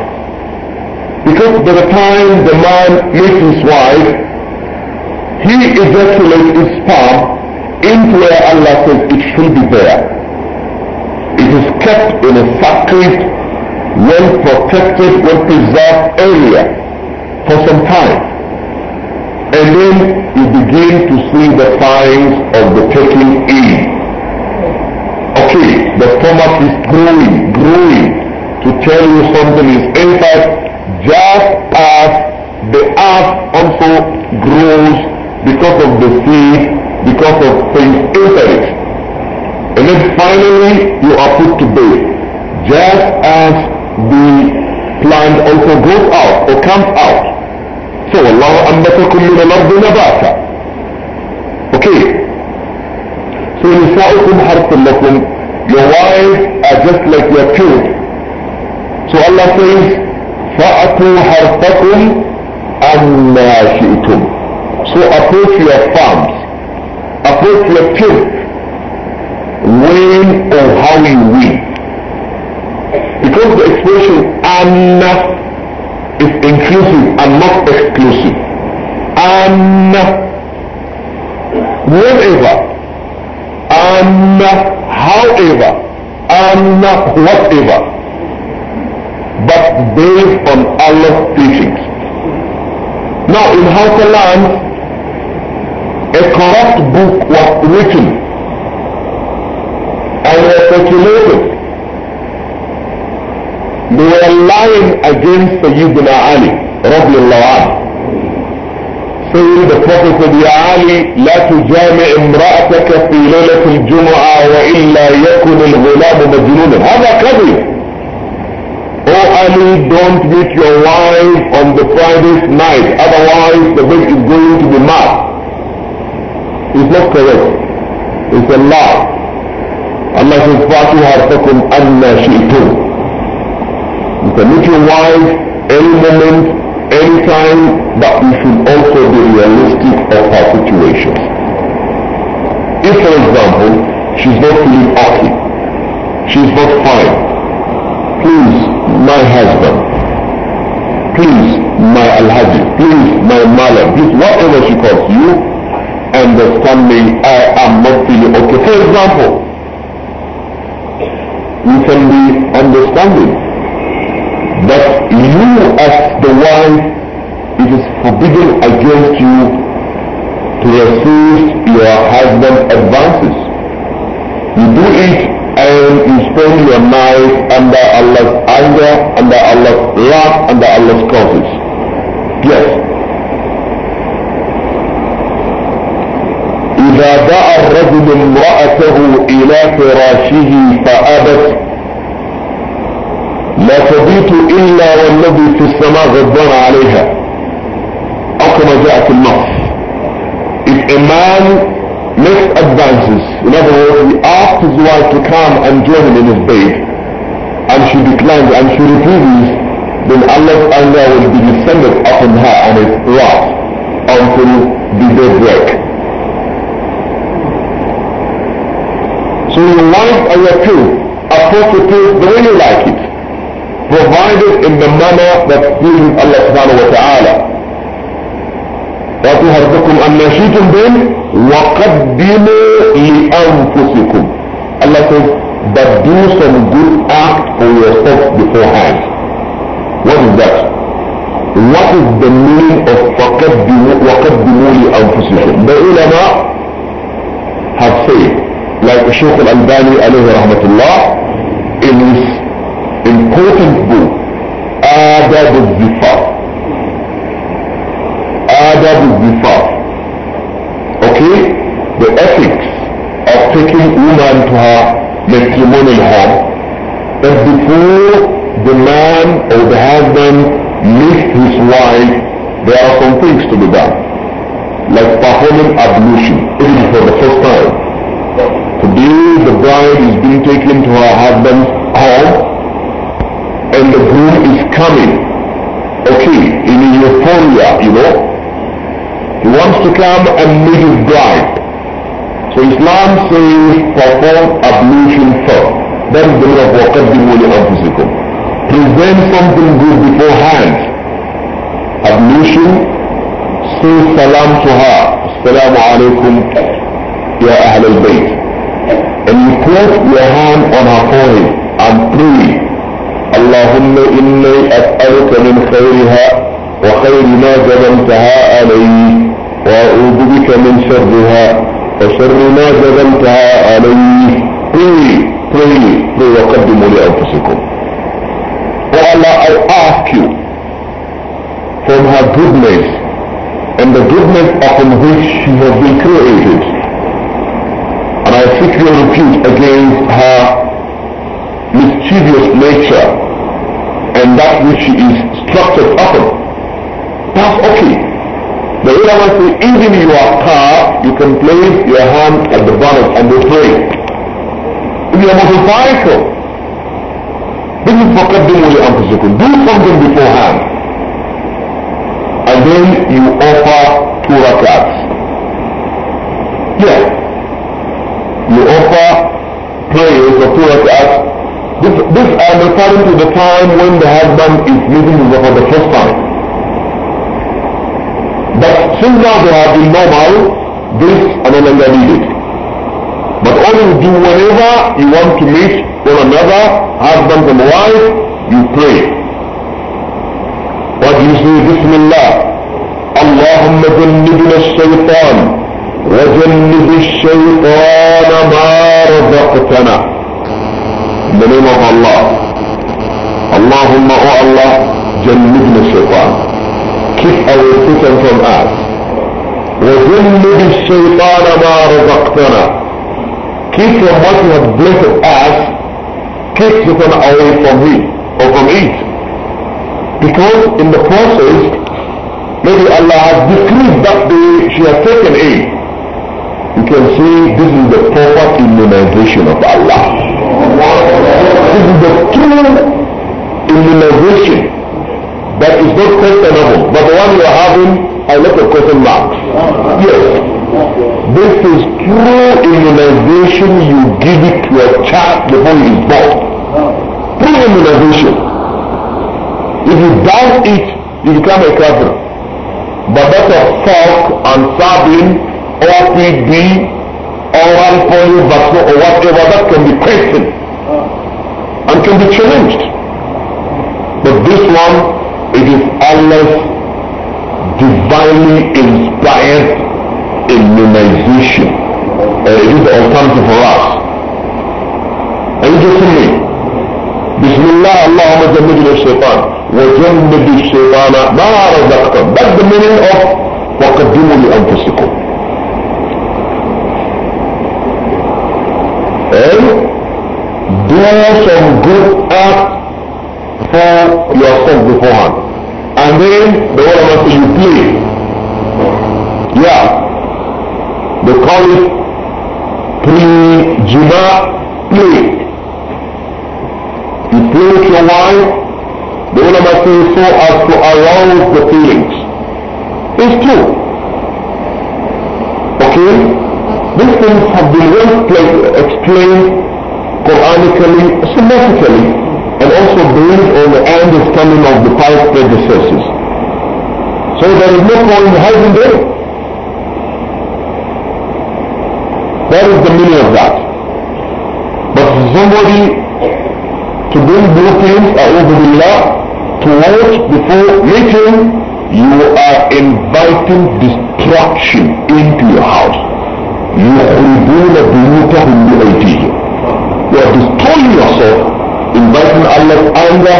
Because by the time the man meets his wife, he ejaculates his sperm into where Allah says it should be there. It is kept in a sacred, well protected, well preserved area for some time. And then you begin to see the signs of the taking in. Okay, the stomach is growing, growing to tell you something is fact just as the earth also grows because of the seed, because of things inside And then finally, you are put to bed. Just as the plant also grows out or comes out, فوالله أنبتكم من الأرض نباتا أوكي So نساؤكم حرث لكم Your wives are just like your children So Allah says فأتوا حرثكم أما شئتم So approach your farms Approach your fields When or how you will Because the expression أَنَّ is inclusive and not exclusive. And whatever, and however, and whatever, but based on Allah's teachings. Now in Hausa land, a corrupt book was written and circulated they were lying against Sayyidina Ali, radiallahu anhu. سيد الفقه يا علي لا تجامع امرأتك في ليلة الجمعة وإلا يكن الغلام مجنونا هذا كذب Oh Ali, don't meet your wife on the Friday night, otherwise the baby is going to be mad. It's not correct. It's a lie. Allah says, فاتوا حرفكم أن شئتم you can meet your wife any moment, any time, but you should also be realistic of her situation. If, for example, she's not feeling okay, she's not fine, please, my husband, please, my alhaji, please, my mother, please, whatever she calls you, understand me, I am not feeling okay. For example, you can be understanding that you as the wife, it is forbidden against you to refuse your husband's advances. You do it and you spend your night under Allah's anger, under Allah's wrath, under Allah's curses. Yes. إذا دعا الرجل امرأته إلى فراشه فأبت لا تبيت الا والذي في السماء غضبان عليها جاء في النص if a man makes advances in other words he asked his wife to come and join him in his bed and she declines and she refuses then Allah's anger will be descended upon her and his wrath until the daybreak so your life and your truth are supposed to the way you like it provided in the manner that pleases Allah subhanahu wa ta'ala. وَاتُوا هَرْبَكُمْ أَمَّا شِئْتُمْ بِهِ وَقَدِّمُوا لِأَنفُسِكُمْ Allah says, but do some good act for yourself beforehand. What is that? What is the meaning of وَقَدِّمُوا لِأَنفُسِكُمْ The ulama have said, like Shaykh al-Albani alayhi rahmatullah, in his important book, Adab al-Zifaf. Adab al-Zifaf. Okay? The ethics of taking woman to her matrimonial home. But before the man or the husband meets his wife, there are some things to be done. Like performing ablution, even for the first time. Today the bride is being taken to her husband's home and the groom is coming. Okay, in euphoria, you know. He wants to come and meet his bride. So Islam says perform ablution first. That is the meaning of waqaddimu li anfusikum. Present something good beforehand. Ablution, say salam to her. Assalamu alaikum, ya ahl bayt And you put your hand on her forehead and pray اللهم إني أسألك من خيرها وخير ما جبلتها علي وأعوذ بك من شرها وشر ما جبلتها علي قولي قولي قولي وقدموا لأنفسكم Oh Allah I ask you from her goodness and the goodness upon which she has been created and I seek your refuge against her mischievous nature and that which is structured upon. That's okay. The way I say, even your car, you can place your hand at the bonnet and the you In your motorcycle, this is for Kadimuli Ampazukun. Do something beforehand. And then you offer two rakats. Yeah. You offer prayers for two rakats this, this I'm referring to the time when the husband is using hijab for the first time. But since now they have been normal, this are no longer needed. But all you do whenever you want to meet one another, husband and wife, you pray. What you say, Bismillah. اللهم جنبنا الشيطان وجنب الشيطان ما رزقتنا the name of Allah. Allahumma, O Allah, jannibna shaitan. Keep away Satan from us. وَجَنِّبِ الشَّيْطَانَ مَا رَزَقْتَنَا Keep from what you have blessed us, keep Satan away from him or from it. Because in the process, maybe Allah has decreed that day she has taken it. You can see this is the proper immunization of Allah. This is the true immunization that is not questionable, but the one you are having I lot of question marks. Yes. This is true immunization you give it to your child before he is born. Pre-immunization. If you doubt it, you become a kafir. But that of fork and sabin, OPD, oral polio vaccine or whatever, that can be questioned and can be challenged. But this one, it is Allah's divinely inspired immunization. Uh, it is the alternative for us. Are you getting me? بسم الله اللهم جنبنا الشيطان وجنب الشيطان ما رزقتم. That's the meaning of وقدموا لأنفسكم. know some good acts for yourself beforehand. And then the word of you play. Yeah. They call it pre-jima play. You play with your wife, the ulama say so as to arouse the feelings. It's true. Okay? These things have been well explained Quranically, Sunnatically, and also based on the understanding of the past predecessors. So there is no point in hiding there. That is the meaning of that. But somebody to bring blue things, law to watch before meeting, you are inviting destruction into your house. يخرجون بيوتهم بأيديهم you are destroying yourself, inviting Allah's anger,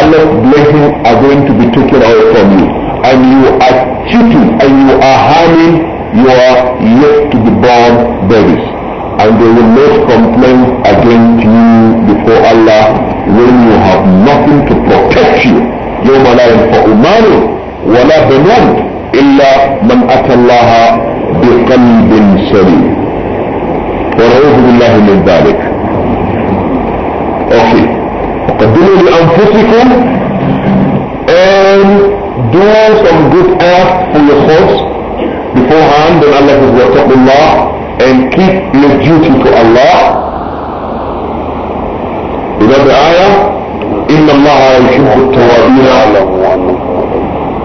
Allah's blessing are going to be taken away from you. And you are cheating and you are harming your yet to be born babies. And they will make complaints against you before Allah when you have nothing to protect you. يوم لا ينفع مال ولا بنون إلا من أتى الله بقلب سليم ونعوذ بالله من ذلك Okay. Continue لأنفسكم and do some good acts for yourselves beforehand. Then Allah says, وَاتَقُوا اللَّهِ and keep your duty to Allah. Is that the ayah? Inna إِنَّ اللَّهَ يُحِبُّ ala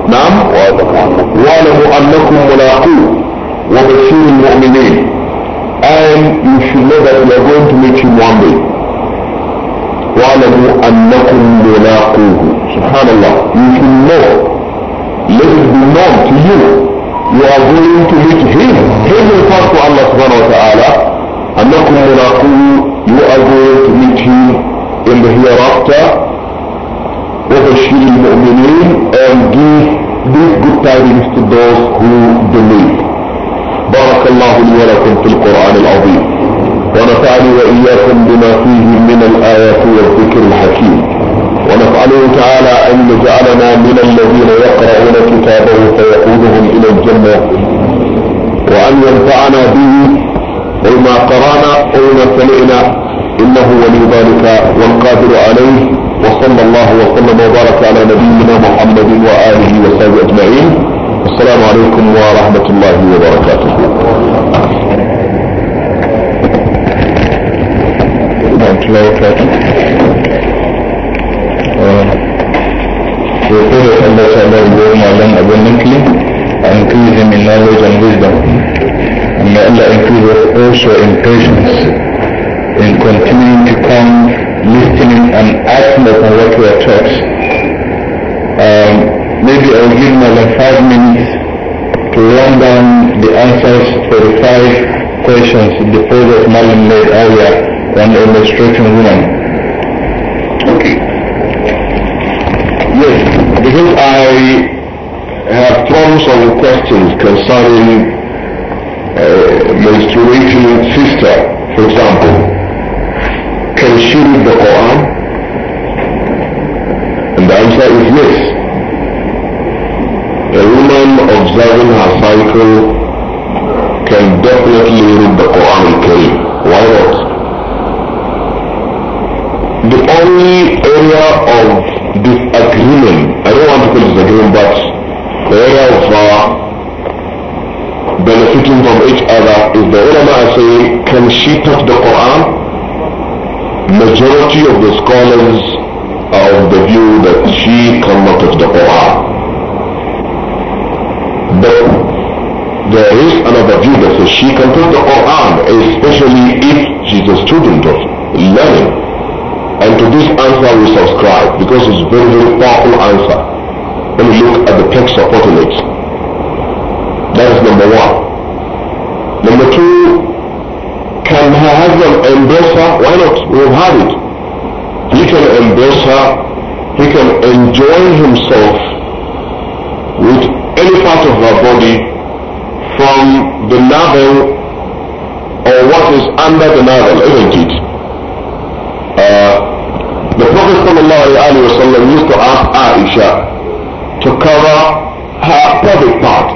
نعم واعلموا أنكم ملاقوه وبشر المؤمنين and you should know that we are going to meet him one day. واعلموا أنكم ملاقوه سبحان الله you should know let it be known to you you are going to meet him he will talk to Allah subhanahu wa ta'ala أنكم ملاقوه you are going to meet him in the hereafter وبشر المؤمنين and give this good tidings to those who believe بارك الله لي ولكم في القرآن العظيم ونفعني وإياكم بما فيه من الآيات تعالى أن يجعلنا من الذين يقرؤون كتابه فيقودهم إلى الجنة وأن ينفعنا به بما قرانا أو ما سمعنا إنه ولي ذلك والقادر عليه وصلى الله وسلم وبارك على نبينا محمد وآله وصحبه أجمعين السلام عليكم ورحمة الله وبركاته
Thank you. prophet that Allah sallallahu alayhi wa abundantly and increase him in knowledge and wisdom. And may Allah increase us also in patience, in continuing to come, listening and acting upon what we are taught. Um, maybe I'll give more than five minutes to run down the answers for the five questions the previous Malam made earlier on the illustration woman. think I have thrown some questions
concerning uh, menstruating sister, for example. Can she read the Quran? And the answer is yes. A woman observing her cycle can definitely read the Quran and Why not? The only area of disagreement. I don't want to call disagreement, but the area of uh, benefiting from each other is the ulama I saying, can she touch the Quran? Majority of the scholars are of the view that she cannot touch the Quran. But there is another view that says she can touch the Quran, especially if she's a student of learning and to this answer we subscribe because it's a very, very powerful answer. When you look at the text supporting it. That is number one. Number two, can her husband embrace her? Why not? We have had it. He can embrace her. He can enjoy himself with any part of her body from the navel or what is under the navel, isn't it? Prophet ﷺ used to ask Aisha to cover her private part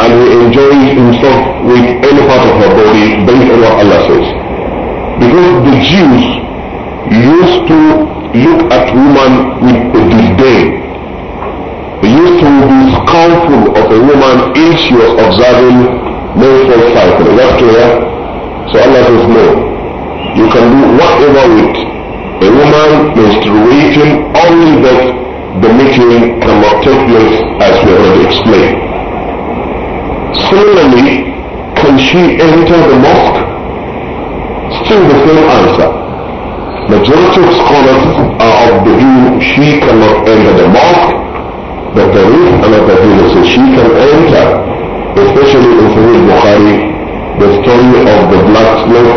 and he enjoys himself with any part of her body based on what Allah says. Because the Jews used to look at women with disdain. They used to be scornful of a woman if she was observing menstrual cycle. Is clear? So Allah says no. You can do whatever with a woman menstruating only that the meeting cannot take place as we already explained. Similarly, can she enter the mosque? Still the same answer. Majority of scholars are of the view she cannot enter the mosque, but there is another view that says she can enter, especially in Sahih Bukhari, the story of the black slave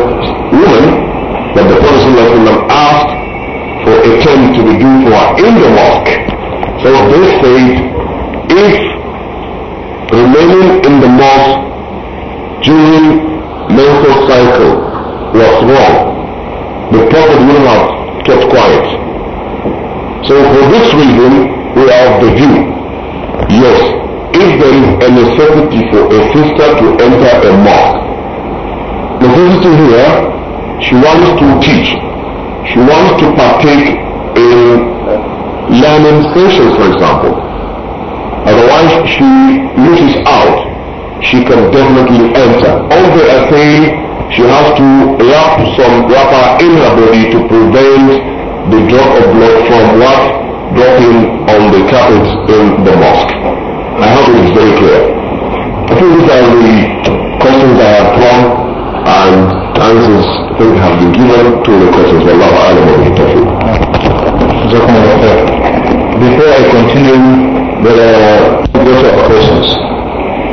woman that the Prophet ﷺ asked for a term to be due for in the mosque. So they said, if remaining in the mosque during menstrual cycle was wrong, the Prophet would have kept quiet. So for this reason, we are of the view, yes, if there is a necessity for a sister to enter a mosque, necessity here she wants to teach. She wants to partake in learning sessions, for example. Otherwise, she loses out. She can definitely enter. Although I think she has to wrap some wrapper in her body to prevent the drop of blood from what dropping on the carpet in the mosque. I hope it is very clear. I think these are the questions I have from and answers
think have been given to the questions. Wallahu alam wa bihi Before I continue, there are lots of questions.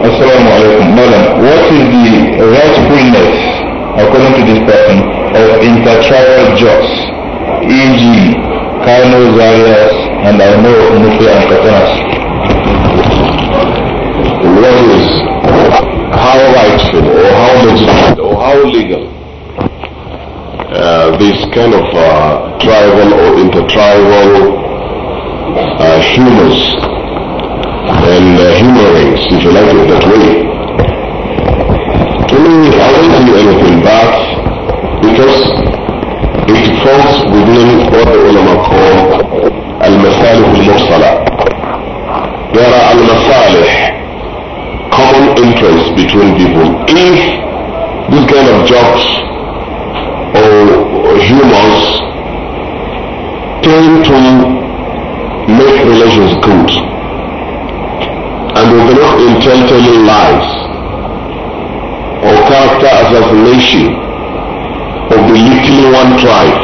Assalamu alaikum. Madam, what is the rightfulness, according to this person, of intertribal jobs, e.g. Kano, Zarias, and I know Nufi and Katanas? What is how rightful or how legitimate or how legal
uh, this kind of uh, tribal or intertribal uh, humors and uh, humorings, if you like it that way. To me, I don't do anything bad because it falls within what the ulama call al-masalih al-mursala. There are al-masalih, common interests between people. If this kind of jokes Humans tend to make relations good and we believe in telling lies or character assassination of the little one tribe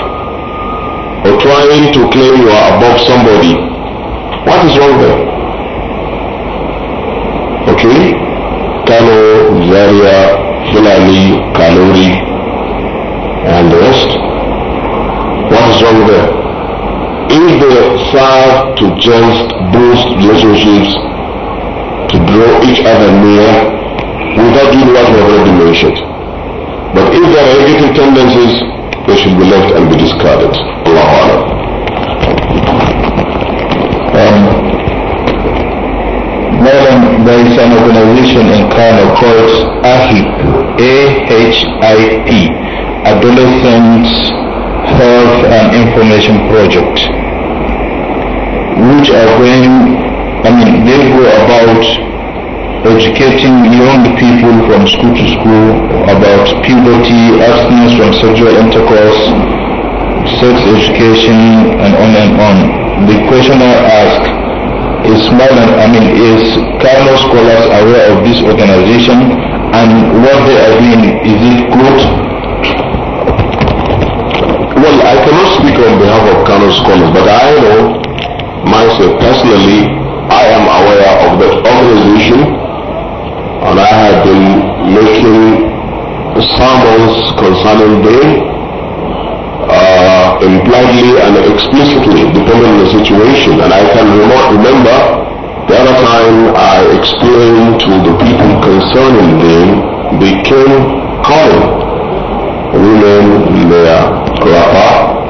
or trying to claim you are above somebody. What is wrong there? Okay? Kano, Zaria, Fulani, Kalori, and the rest. What's wrong there? If they serve to just boost relationships, to draw each other near, without doing what we have already mentioned. But if there are negative tendencies, they should be left and be discarded. Allahu Akbar.
Um, Madam, there is an organization in Kano called AHIP, A-H-I-P, Adolescents Health and Information Project, which are going, I mean, they go about educating young people from school to school about puberty, abstinence from sexual intercourse, sex education, and on and on. The questioner asked, is I mean, is Kano scholars aware of this organization and what they are doing? Is it good? well, I cannot speak on behalf of Kano scholars, but I know myself personally,
I am aware of the organization and I have been making sermons concerning them uh, impliedly and explicitly depending on the situation. And I can remember the other time I explained to the people concerning them, they came calling women there rapper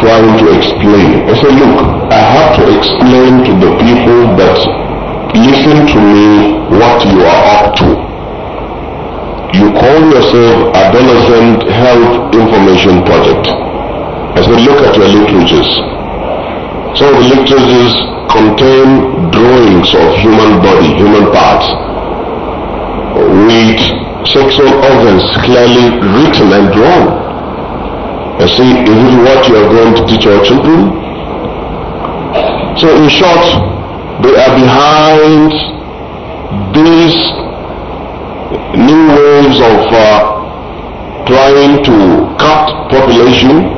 trying to explain. I said, look, I have to explain to the people that listen to me what you are up to. You call yourself Adolescent Health Information Project. I said, look at your literatures. Some of the literatures contain drawings of human body, human parts, with sexual organs clearly written and drawn and see, is this what you are going to teach your children? So in short, they are behind these new waves of uh, trying to cut population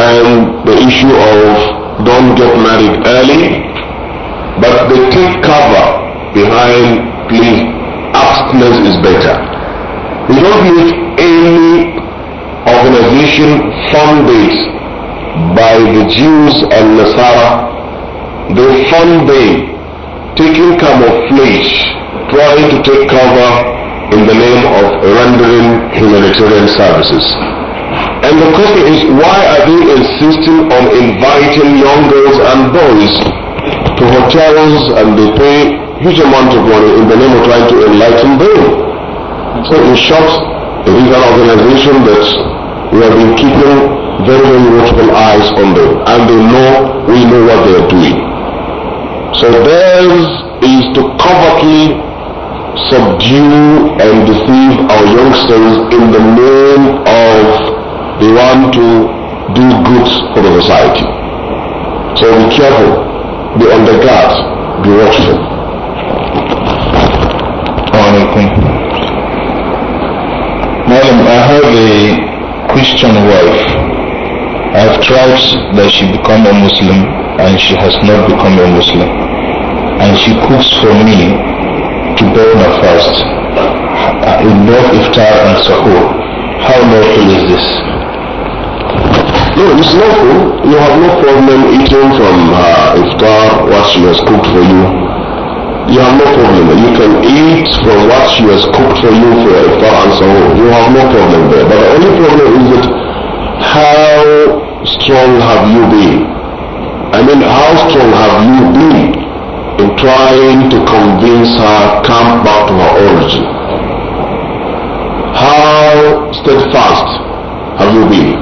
and the issue of don't get married early, but they take cover behind please abstinence is better. We don't need any organization founded by the Jews and Nasara. They fund them taking camouflage, trying to take cover in the name of rendering humanitarian services. And the question is, why are they insisting on inviting young girls and boys to hotels and they pay huge amount of money in the name of trying to enlighten them? So in short, these are organization that we have been keeping very, very watchful eyes on them. And they know, we know what they are doing. So theirs is to covertly subdue and deceive our youngsters in the name of they want to do good for the society.
So be careful, be on the guard, be watchful. Madam, I have a Christian wife. I've tried that she become a Muslim and she has not become a Muslim. And she cooks for me to burn a fast uh, in both iftar and sahur. How lawful is this?
No, it's lawful. You have no problem eating from uh, iftar what she has cooked for you you have no problem. You can eat from what she has cooked for you for iftar and so on. You have no problem there. But the only problem is that how strong have you been? I mean, how strong have you been in trying to convince her come back to her origin? How steadfast have you been?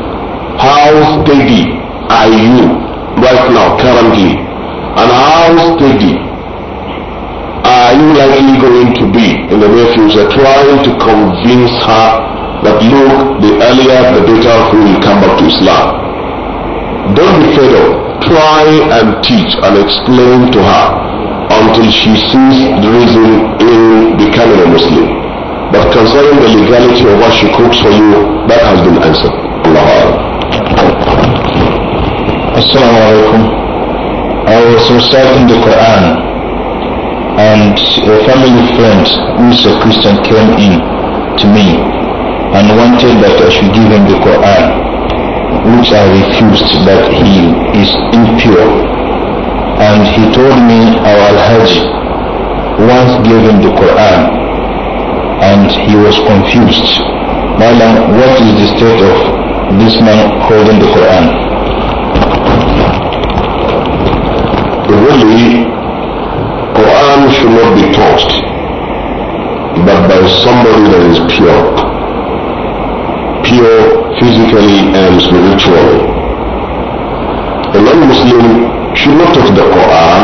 How steady are you right now, currently? And how steady are you likely going to be in the near future trying to convince her that look, the earlier the better who will come back to Islam? Don't be fed up. Try and teach and explain to her until she sees the reason in becoming a Muslim. But concerning the legality of what she cooks for you,
that has been answered. Allah. Assalamu alaikum. I was reciting the Quran and a family friend who is a Christian came in to me and wanted that I should give him the Quran, which I refused that he is impure. And he told me our Al-Hajj once gave him the Quran and he was confused. Malam, what is the state of this man holding the Quran? Really, something should not be touched
but by somebody that is pure. Pure physically and spiritually. A non-Muslim should not touch the Quran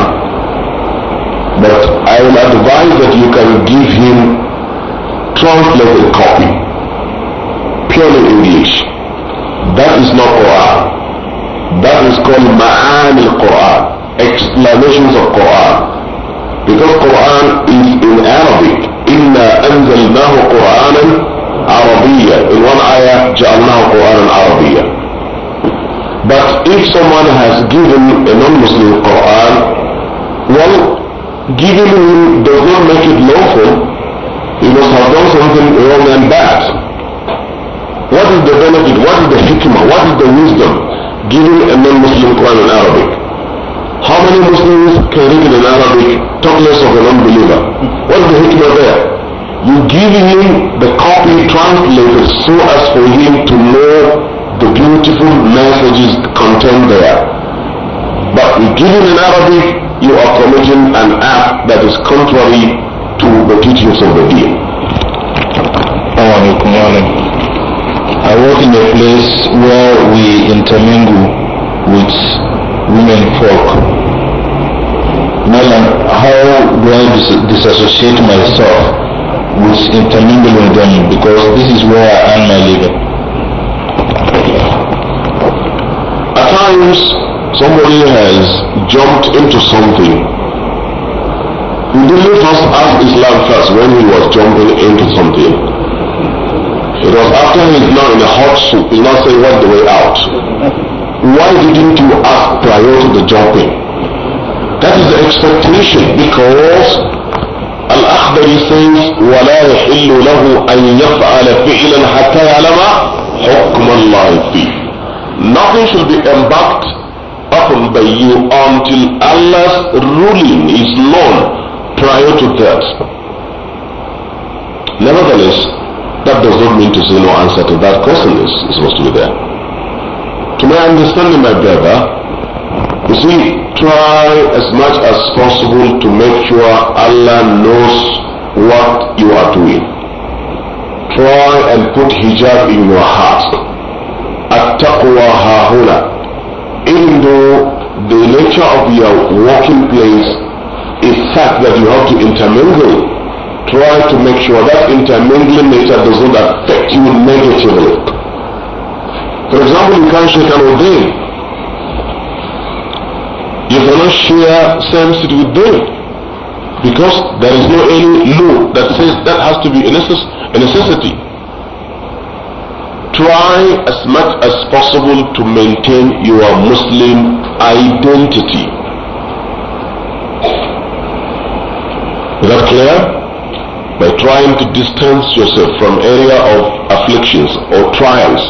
but I will advise that you can give him translated copy purely English. That is not Quran. That is called Ma'an al-Quran, explanations of Quran. because Quran is in Arabic إنا أنزلناه قرآنا عربيا in one ayah جعلناه قرآنا عربيا but if someone has given a non-Muslim Quran well giving him does not make it lawful he must have done something wrong and bad what is the benefit what is the hikmah what is the wisdom giving a non-Muslim Quran in Arabic How many Muslims can read in Arabic, talk less of an unbeliever? What's the hikmah there? You give him the copy translated so as for him to know the beautiful messages contained there. But you give him in Arabic, you are committing an act that is contrary
to the teachings of the deen. I work in a place where we intermingle with women folk Malam, how do I dis- disassociate myself with intermingling them because this is where I earn my living? At times, somebody
has jumped into something. He didn't first ask Islam first when he was jumping into something. It was after he's now in a hot soup, he's not saying what the way out. Why didn't you ask prior to the jumping? That is the expectation because Al-Akhbari says وَلَا يَحِلُّ لَهُ أَن يَفْعَلَ فِعْلًا حَتَّى يَعْلَمَ حُكْمَ اللَّهِ فِيهِ Nothing should be embarked upon by you until Allah's ruling is known prior to that. Nevertheless, that does not mean to say no answer to that question is supposed to be there. To my understanding, my brother, See, we try as much as possible to make sure Allah knows what you are doing. Try and put hijab in your heart. At-taqwa hula. Even though the nature of your working place is such that you have to intermingle, try to make sure that intermingling nature does not affect you negatively. For example, you can't shake an ordain you cannot share services with them because there is no any law that says that has to be a, necess- a necessity. Try as much as possible to maintain your Muslim identity. Is that clear? By trying to distance yourself from area of afflictions or trials.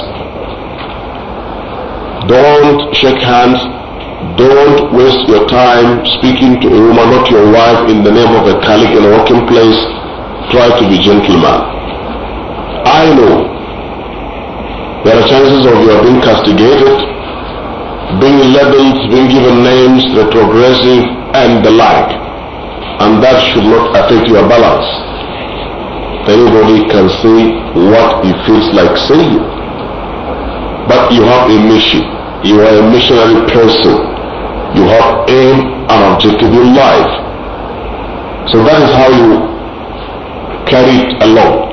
Don't shake hands don't waste your time speaking to a woman, not your wife, in the name of a colleague in a working place. Try to be gentleman. I know there are chances of you being castigated, being labeled, being given names, retrogressive, and the like. And that should not affect your balance. Anybody can say what he feels like saying. But you have a mission. You are a missionary person you have aim and objective in life. So that is how you carry it along.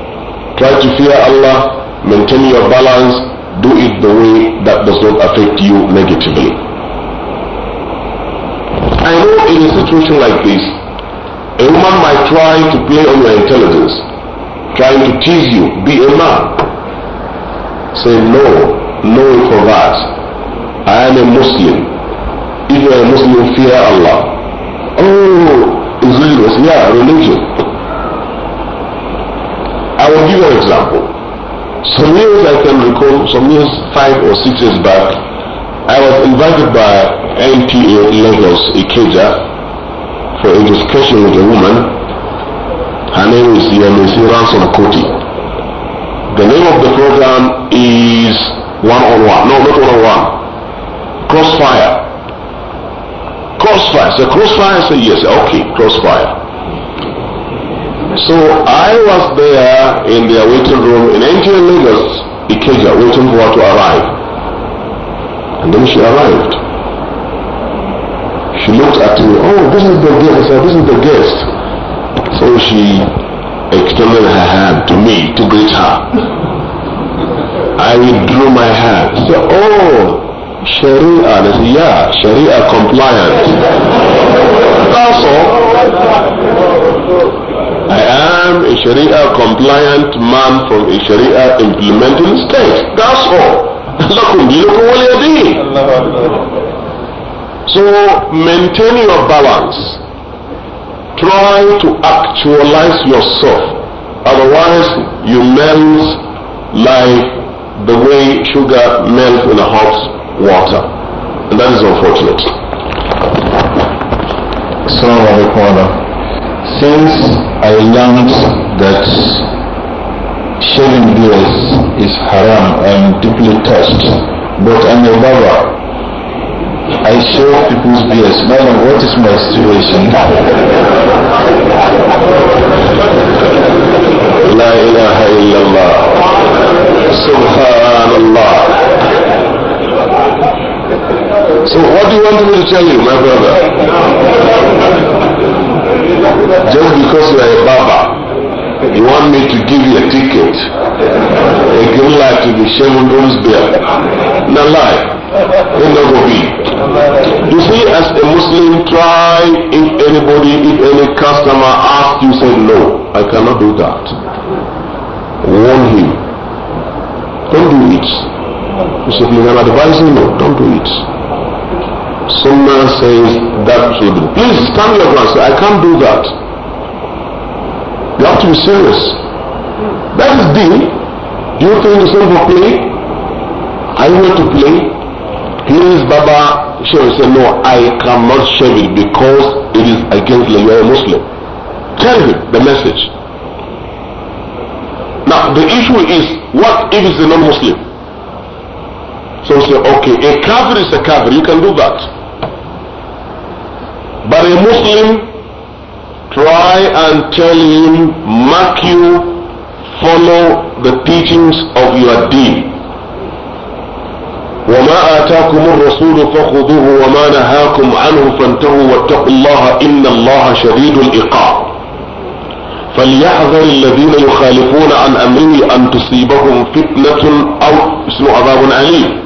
Try to fear Allah, maintain your balance, do it the way that does not affect you negatively. I know in a situation like this, a woman might try to play on your intelligence, trying to tease you, be a man. Say no, no for that. I am a Muslim if you are a Muslim, fear Allah. Oh, it's religious. Yeah, religion. I will give you an example. Some years I can recall, some years, five or six years back, I was invited by NPA Lagos Ikeja for a discussion with a woman. Her name is Yemisi Ransom Koti. The name of the program is One on One. No, not One on One. Crossfire. Crossfire. So crossfire? I said, yes. Okay, crossfire. So I was there in the waiting room in NTA Lagos, Ikeja, waiting for her to arrive. And then she arrived. She looked at me, oh, this is the guest. I said, this is the guest. So she extended her hand to me to greet her. I withdrew my hand. She said, oh, Sharia. And I said, yeah, Sharia compliant. Also, I am a Sharia compliant man from a Sharia implementing state. That's all. لكم دينكم ولي دين. So maintain your balance. Try to actualize yourself. Otherwise, you melt like the way sugar melts in a hot water. And that is unfortunate.
Assalamu alaikum Since I learned that shaving beards is haram, I am deeply touched. But I'm a barber. I shave people's beards. Madam, what is my situation? La ilaha illallah.
Subhanallah. So what do you want me to tell you, my brother? Just because you are a Baba, you want me to give you a ticket, a green light to be Shemun Rumsbeer. Now lie. It never be. You see, as a Muslim, try if anybody, if any customer asks you, say no, I cannot do that. Warn him. Don't do it. You said, you are advising, no, don't do it. Someone says that should be. Please stand your ground. Say, I can't do that. You have to be serious. That is deal. Do you think it's not for play? I want to play. Please, Baba, she will say, no, I cannot share it because it is against you are Muslim. Tell him the message. Now, the issue is, what if it's a non-Muslim? So say, okay, a kafir is a kafir. You can do that. But a Muslim, try and tell him, mark you, follow the teachings of your deen. وما آتاكم الرسول فخذوه وما نهاكم عنه فانتهوا واتقوا الله إن الله شديد العقاب فليحذر الذين يخالفون عن أمره أن تصيبهم فتنة أو اسم عذاب أليم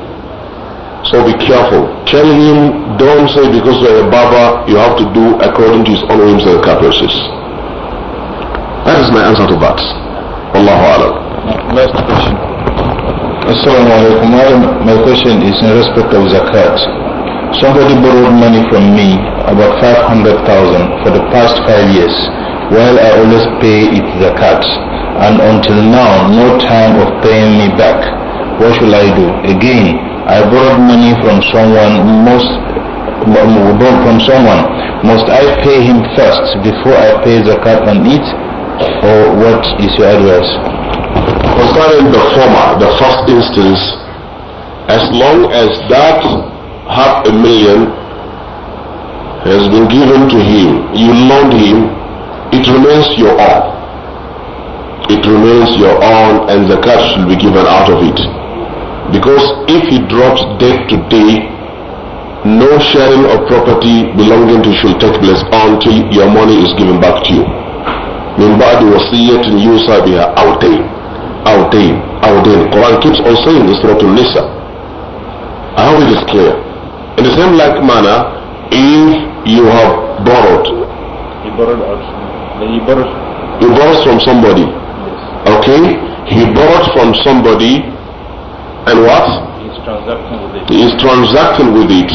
So be careful. Tell him, don't say because you're a Baba, you have to do according to his own whims and caprices. That is my answer to that.
Allahu Alam. Last question. Assalamu alaikum. My question is in respect of zakat. Somebody borrowed money from me, about 500,000 for the past five years, while I always pay it zakat. And until now, no time of paying me back. What shall I do? Again, I borrowed money from someone, most from someone, must I pay him first before I pay the cut on it, or what is your advice? Concerning the former, the first instance,
as long as that half a million has been given to him, you loaned him, it remains your own. It remains your own, and the cut should be given out of it. Because if he drops dead today, no sharing of property belonging to you shall take place until your money is given back to you. من بعد in يوصى بها أو day, أو day, أو day." Quran keeps on saying this, Surah An-Nisa. I hope it is clear. In the same like manner, if you have borrowed, he borrowed he borrowed. He borrowed from somebody. Okay, he borrowed from somebody and what?
He is transacting with it.
He is transacting with it.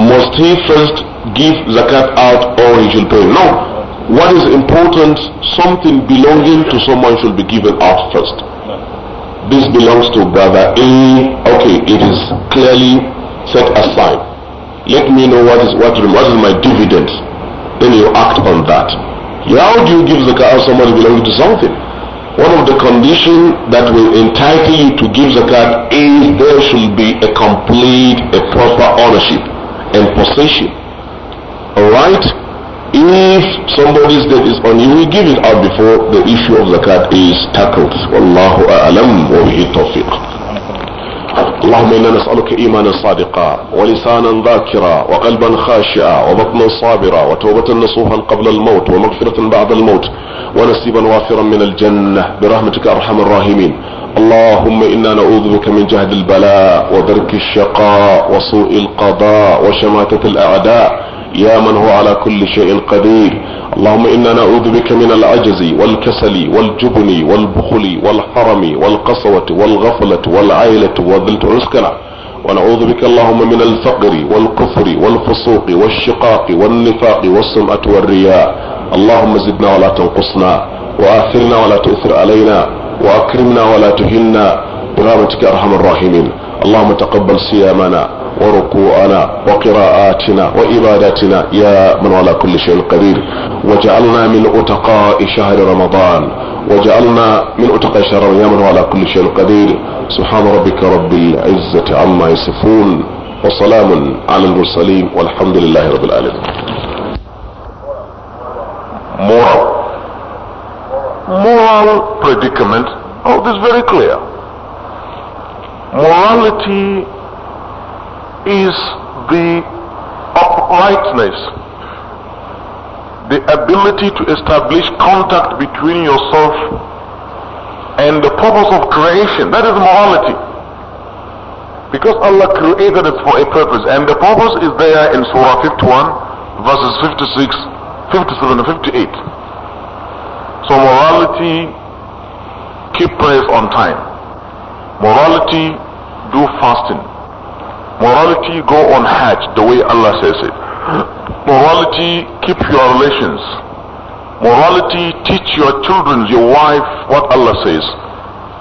Must he first give zakat out or he should pay? No. What is important, something belonging to someone should be given out first. This belongs to brother A. Okay, it is clearly set aside. Let me know what is what, what is my dividend. Then you act on that. How do you give zakat out somebody belonging to something? one of the conditions that will entitle you to give zakat is there should be a complete, a proper ownership and possession. Alright? If somebody's debt is on you, we give it out before the issue of zakat is tackled. Wallahu a'lam wa bihi tawfiq. اللهم انا نسألك ايمانا صادقا ولسانا ذاكرا وقلبا خاشعا وبطنا صابرا وتوبة نصوحا قبل الموت ومغفرة بعد الموت ونصيبا وافرا من الجنة برحمتك ارحم الراحمين اللهم انا نعوذ بك من جهد البلاء ودرك الشقاء وسوء القضاء وشماتة الاعداء يا من هو على كل شيء قدير اللهم انا نعوذ بك من العجز والكسل والجبن والبخل والحرم والقسوة والغفلة والعيلة وذلت عسكنا ونعوذ بك اللهم من الفقر والكفر والفسوق والشقاق والنفاق والسمعة والرياء اللهم زدنا ولا تنقصنا وآثرنا ولا تؤثر علينا وأكرمنا ولا تهنا برحمتك أرحم الراحمين اللهم تقبل صيامنا وركوعنا وقراءاتنا وإباداتنا يا من على كل شيء قدير وجعلنا من أتقاء شهر رمضان وجعلنا من أتقاء شهر رمضان يا من على كل شيء قدير سبحان ربك رب العزة عما يصفون وسلام على المرسلين والحمد لله رب العالمين moral moral predicament of this very clear morality is the uprightness, the ability to establish contact between yourself and the purpose of creation. That is morality. Because Allah created it for a purpose, and the purpose is there in Surah 51, verses 56, 57, and 58. So morality, keep prayers on time. Morality, do fasting. Morality, go on Hajj the way Allah says it. Morality, keep your relations. Morality, teach your children, your wife, what Allah says.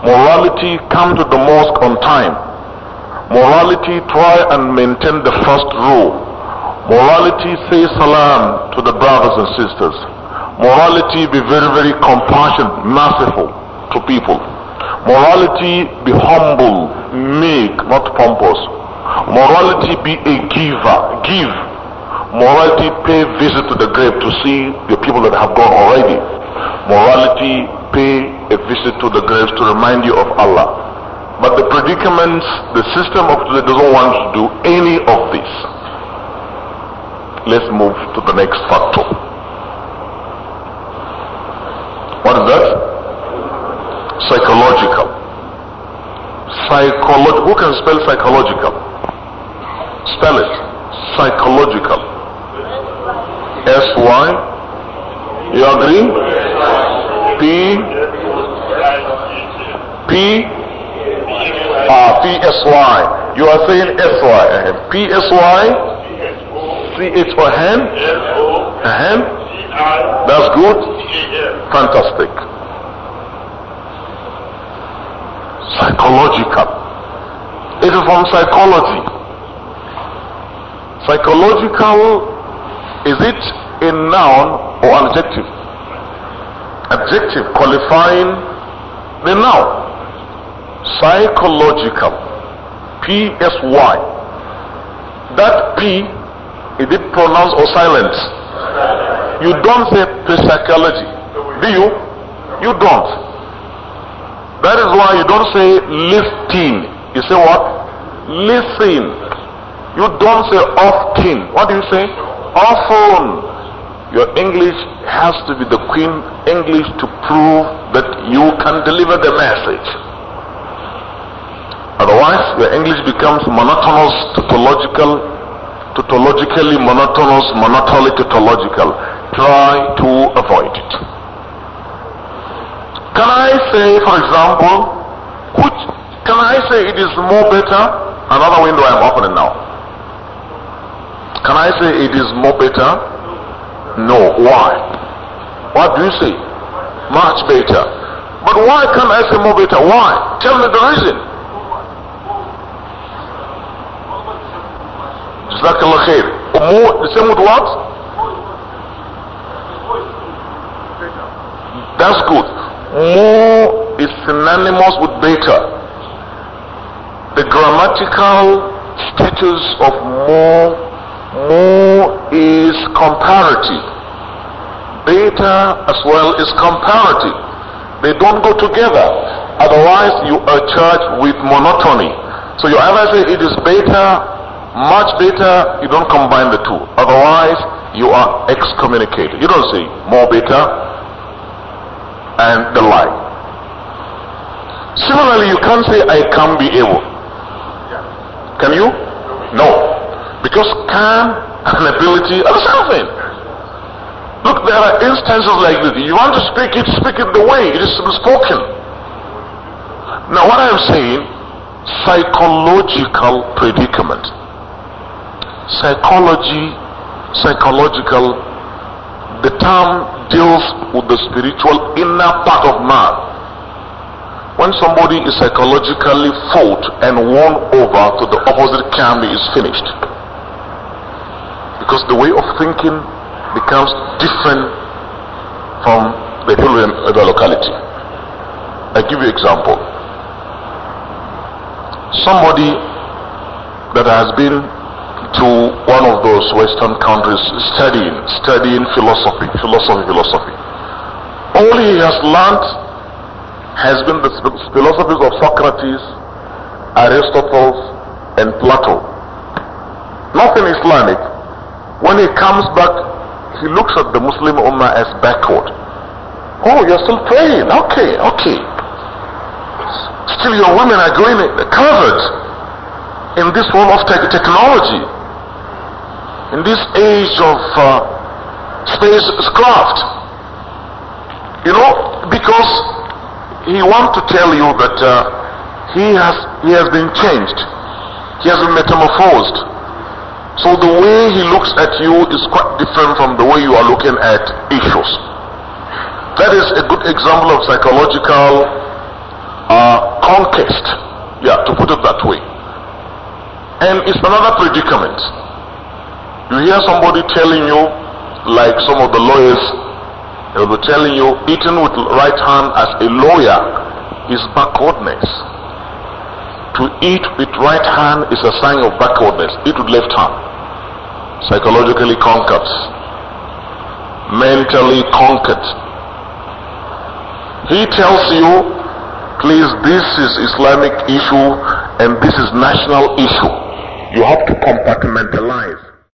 Morality, come to the mosque on time. Morality, try and maintain the first rule. Morality, say salam to the brothers and sisters. Morality, be very, very compassionate, merciful to people. Morality, be humble, meek, not pompous. Morality be a giver. Give. Morality pay visit to the grave to see the people that have gone already. Morality pay a visit to the graves to remind you of Allah. But the predicaments, the system of today doesn't want to do any of this. Let's move to the next factor. What is that? Psychological. Psychological. Who can spell psychological? Spell it. Psychological. S-Y. You agree? P. P. Ah, P-S-Y. You are saying S-Y. P-S-Y. C-H-O-N. Ahem. That's good. Fantastic. Psychological. It is from psychology. Psychological, is it a noun or an adjective? Adjective qualifying the noun. Psychological. P-S-Y. That P, is it pronounced or silent? You don't say psychology. Do you? You don't. That is why you don't say lifting. You say what? Listen you don't say often. What do you say? Often. Your English has to be the Queen English to prove that you can deliver the message. Otherwise, your English becomes monotonous, tautological, tautologically monotonous, monotonically tautological. Try to avoid it. Can I say, for example, which, can I say it is more better? Another window I'm opening now. Can I say it is more better? No. Why? What do you say? Much better. But why can't I say more better? Why? Tell me the reason. Jazakallah khair. More, the same with what? That's good. More is synonymous with better. The grammatical status of more more is comparative. Beta as well is comparative. They don't go together. Otherwise, you are charged with monotony. So you either say it is beta, much beta, you don't combine the two. Otherwise, you are excommunicated. You don't say more beta and the like. Similarly, you can't say I can't be able. Can you? No. Because calm and ability are the same thing. Look, there are instances like this. You want to speak it, speak it the way it is spoken. Now, what I am saying, psychological predicament. Psychology, psychological, the term deals with the spiritual inner part of man. When somebody is psychologically fought and won over to the opposite camp, he is finished because the way of thinking becomes different from the people in the locality. I give you example. Somebody that has been to one of those Western countries studying, studying philosophy, philosophy, philosophy. All he has learned has been the philosophies of Socrates, Aristotle, and Plato. Nothing Islamic when he comes back, he looks at the Muslim Ummah as backward. Oh, you're still praying. Okay, okay. Still your women are going covered in this world of te technology, in this age of uh, spacecraft. You know, because he wants to tell you that uh, he has he has been changed, he has been metamorphosed so the way he looks at you is quite different from the way you are looking at issues. That is a good example of psychological uh, conquest. Yeah, to put it that way. And it's another predicament. You hear somebody telling you, like some of the lawyers, they'll be telling you, eating with right hand as a lawyer is backwardness. To eat with right hand is a sign of backwardness. Eat with left hand. Psychologically conquered. Mentally conquered. He tells you, please, this is Islamic issue and this is national issue. You have to compartmentalize.